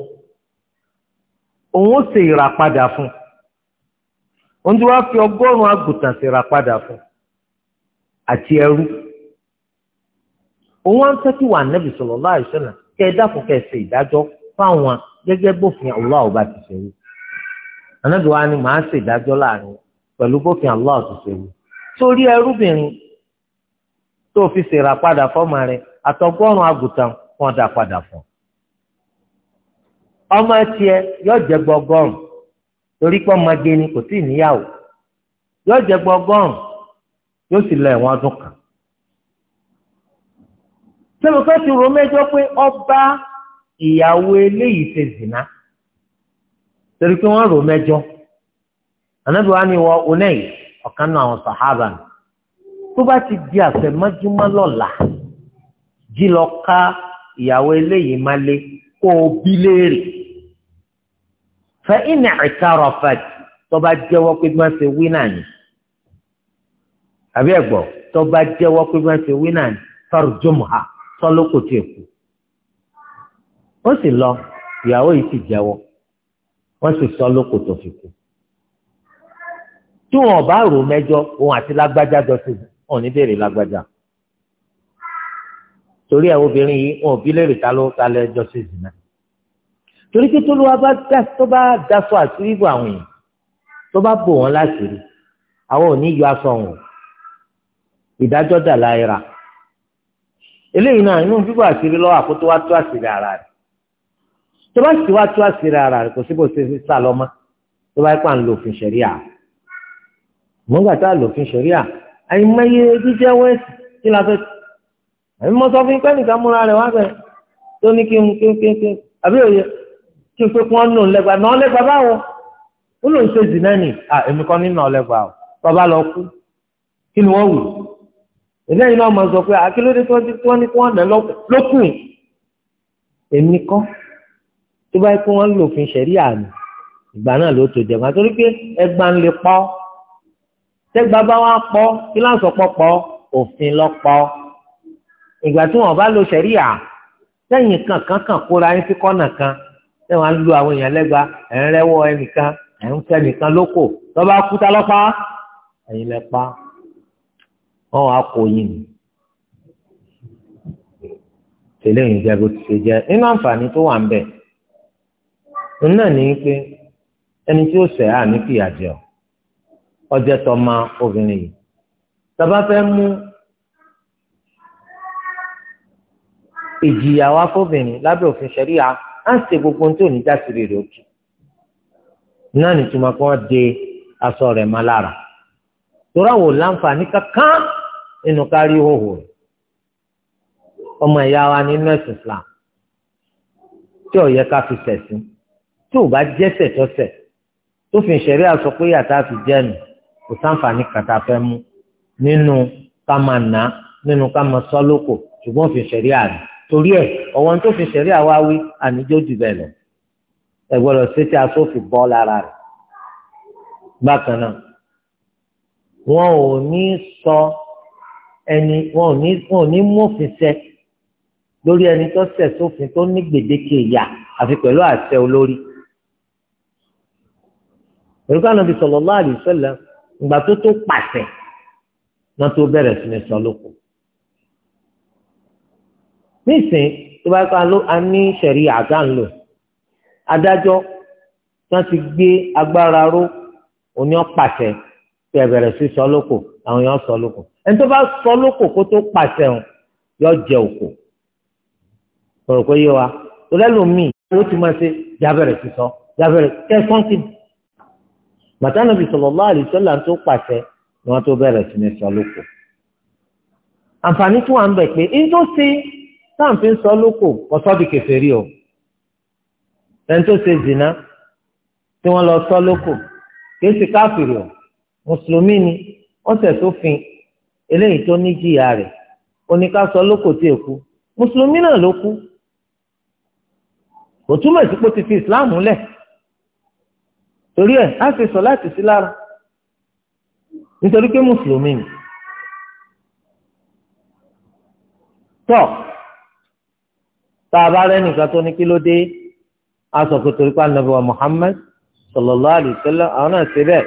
òun ṣe ìràpadà fún òun tí fi ọgọ́rùn-ún àgùntàn ṣe ìràpadà fún àti ẹrú òun wá ń tẹ́tí wà nẹ́bí sọ̀rọ̀ láìsọ̀nà kẹ́ ẹ dákun kẹ́ ẹ ṣe ìdájọ́ fáwọn gẹ́gẹ́ bófin ọba ti ṣe ni màá ṣe ìdájọ́ láàrin pẹ̀lú bófin ṣe wí sórí ẹrúbìnrin tó fi fọ́mọ àtọgọ́rùn-ún àgùntàn wọ́n dá padà fún ọmọ yóò jẹ gbọgọrùn torí pé ọmọge ni kò níyàwó yóò jẹ ti rò mẹ́jọ pé ọba ìyàwó eléyìí zìnà torí pé wọ́n rò mẹ́jọ wa ni wọ ọ̀kan náà àwọn sàhábà ìyàwó eléyìí má lé kó o bí léèrè fa in i'tarafat tó bá jẹ́wọ́ pé má ṣe wí náà ni àbí ẹ̀gbọ́ tó bá jẹ́wọ́ pé má ṣe wí náà ni farjumha sọ́lókò tí ì kú ó sì lọ ìyàwó yìí sì jẹ́wọ́ wọ́n sì sọ́lókò tó fi kú tí wọn bá rò mẹ́jọ òun àti lágbájá jọ sí òun ní lágbájá torí àwọn obìnrin yìí wọn ò bí lè rìta ló ta lẹ jọ sí ìsìn náà torí pé tó lówó tó bá daṣọ àṣírí bò àwọn yìí tó bá bò wọn láṣìírí àwọn ò ní yọ aṣọ wọn ìdájọ́ dà láìra eléyìí náà inú bíbọ̀ àṣírí lọ́wọ́ àkótó wá tó àṣírí ara rẹ̀ tó bá sì wá tó àṣírí ara rẹ̀ kò sí ṣe sá lọ́mọ́ tó bá pà ń lo òfin ṣẹ̀ríà mọ́gbà tá a àyìnbáyé jíjẹ́wọ́ ẹ̀sìn kí la fẹ́ àbí mo sọ fún yín pé nìkan múra rẹ̀ wá bẹ̀ tó ní kí n kí n kí n kí n àbí òye kí n pé kí wọ́n nù lẹ́gbàá náà lẹ́gbàá báwo ó lòun ṣe jì náà nì à èmi kan nínú ọlẹ́gbàá o bàbá lọ kú kí ni wọ́n wù ìdá yìí náà mo sọ pé àkílódé tí wọ́n ní kí wọ́n nà lókùn èmi kọ́ tó bá yẹ kí wọ́n lòfin ṣẹ̀rí àmì ìgbà náà ló tó jẹ̀mọ́ àtòrí pé ẹgbà ń lè pọ́ tẹ́gbà bá wá pọ́ kí láǹsọ̀ pọ́ pọ́ òfin lọ pọ́ ìgbà tí wọn bá lo sẹríà sẹ́yìn kankan kan kóra yín sí kọ́nà kan ṣé wọn á lu àwọn èèyàn lẹ́gba ẹ̀ ń rẹ́wọ́ ẹnìkan ẹ̀ ń fẹ́ nìkan lóko lọ́ba kúta lọ́pá ẹ̀yin lẹ́pa wọn wàá kó yín ni tẹ́lẹ̀ yìí jẹ bó ti ṣe jẹ nínú àǹfààní tó wà ń bẹ òun ní pé ẹni tí ó ṣẹ̀ á jẹ ọ ọjẹ tọ ma obìnrin yìí tọba fẹ́ mú ìjìyà wa fóbìnrin lábẹ́ òfin ṣẹ̀ríà á ń ṣe gbogbo ohun tó ní dásìrì rẹ̀ òkè náà nìtumọ̀ kí wọ́n de aṣọ rẹ̀ mọ́ lára torí àwọn olànfààní kankan nínú kárí hòhò rẹ̀ ọmọ ìyá wa nínú ẹ̀sìn Islam tí ò yẹ ká fi ṣẹ̀sìn tí ò bá jẹ́sẹ̀ tọ́sẹ̀ tó fi ṣẹ̀ríà sọ pé yàtá fi jẹ́nu kò sáǹfààní kàtà fẹ́ mú nínú ká máa nà nínú ká máa sọ́ lóko ṣùgbọ́n òfin ṣẹ̀ríà rẹ̀ torí ẹ̀ ọ̀wọ́n tó fi ṣẹ̀rí àwa wí àníjó jù bẹ́ẹ̀ lọ ẹ gbọ́dọ̀ ṣe tí aṣọ fi bọ́ lára rẹ̀ bákan náà wọn ò ní sọ ẹni wọn ò ní wọn ò ní mófin ṣẹ lórí ẹni tó ṣẹ̀ sófin tó ní gbèdéke ìyà àfi pẹ̀lú àṣẹ olórí èrúkọ ànábì sallallahu alaihi wasallam ìgbà tó tó pàṣẹ náà tó bẹ̀rẹ̀ sí ní sọ lóko nísìn tó bá pa a ní sẹ̀rí àgá ń lò adájọ́ tí wọ́n ti gbé agbára ró òní ọ̀pàṣẹ tí ẹ bẹ̀rẹ̀ sí sọ lóko àwọn èèyàn sọ lóko ẹni tó bá sọ lóko kó tó pàṣẹ hàn yọ jẹ òkò ọ̀rọ̀ kó yé wa tọ́lẹ́lòmíì owó ti máa ṣe jábẹ̀rẹ̀ sí sọ jábẹ̀rẹ̀ kẹsàn-án ti màtánà bí sallallahu alaihi wasallam tó pàṣẹ ni wọ́n tó bẹ̀rẹ̀ sí ní sọ lóko àǹfààní tún wà ń bẹ̀ pé ń tó ṣe táà fi ń sọ lóko ọ̀sọ́ di kèfèrí o ẹni tó ṣe zina tí wọ́n lọ sọ lóko kìí ṣe káfìrí o mùsùlùmí ni wọ́n tẹ̀ sófin eléyìí tó ní jìyà rẹ̀ oníkásọ lóko tí èkú mùsùlùmí náà ló kú kò túmọ̀ sí pé ó ti fi ìsìláàmù lẹ̀ torí ẹ̀ á ṣe sọ láti sí lára nítorí pé mùsùlùmí ni tá a bá rẹ́nìkan tó ní kí ló dé aṣọ kò torí pa nàbẹ wa Muhammad sallallahu alaihi wasallam àwọn náà ṣe bẹ́ẹ̀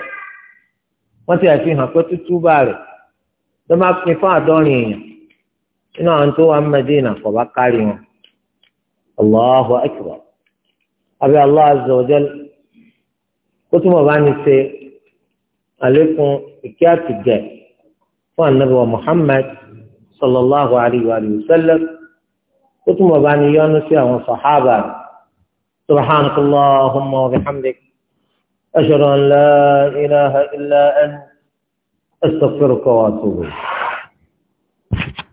wọ́n ti àfihàn pé tútú bá rẹ̀ ló máa pin fún àádọ́rin èèyàn nínú àwọn tó wà Mẹ́dínà kò bá kárí wọn Allahu akbar abẹ Allah azza kó túmọ̀ bá ní ṣe àlékún ìkí àtìgẹ̀ fún ànábì wa sallallahu alaihi wa sallam. ó túnbọ̀ bá ní yọ́nú sí àwọn sàhábà subhanaka allahumma wa bihamdik ashhadu an la ilaha illa anta astaghfiruka wa atubu ilayk.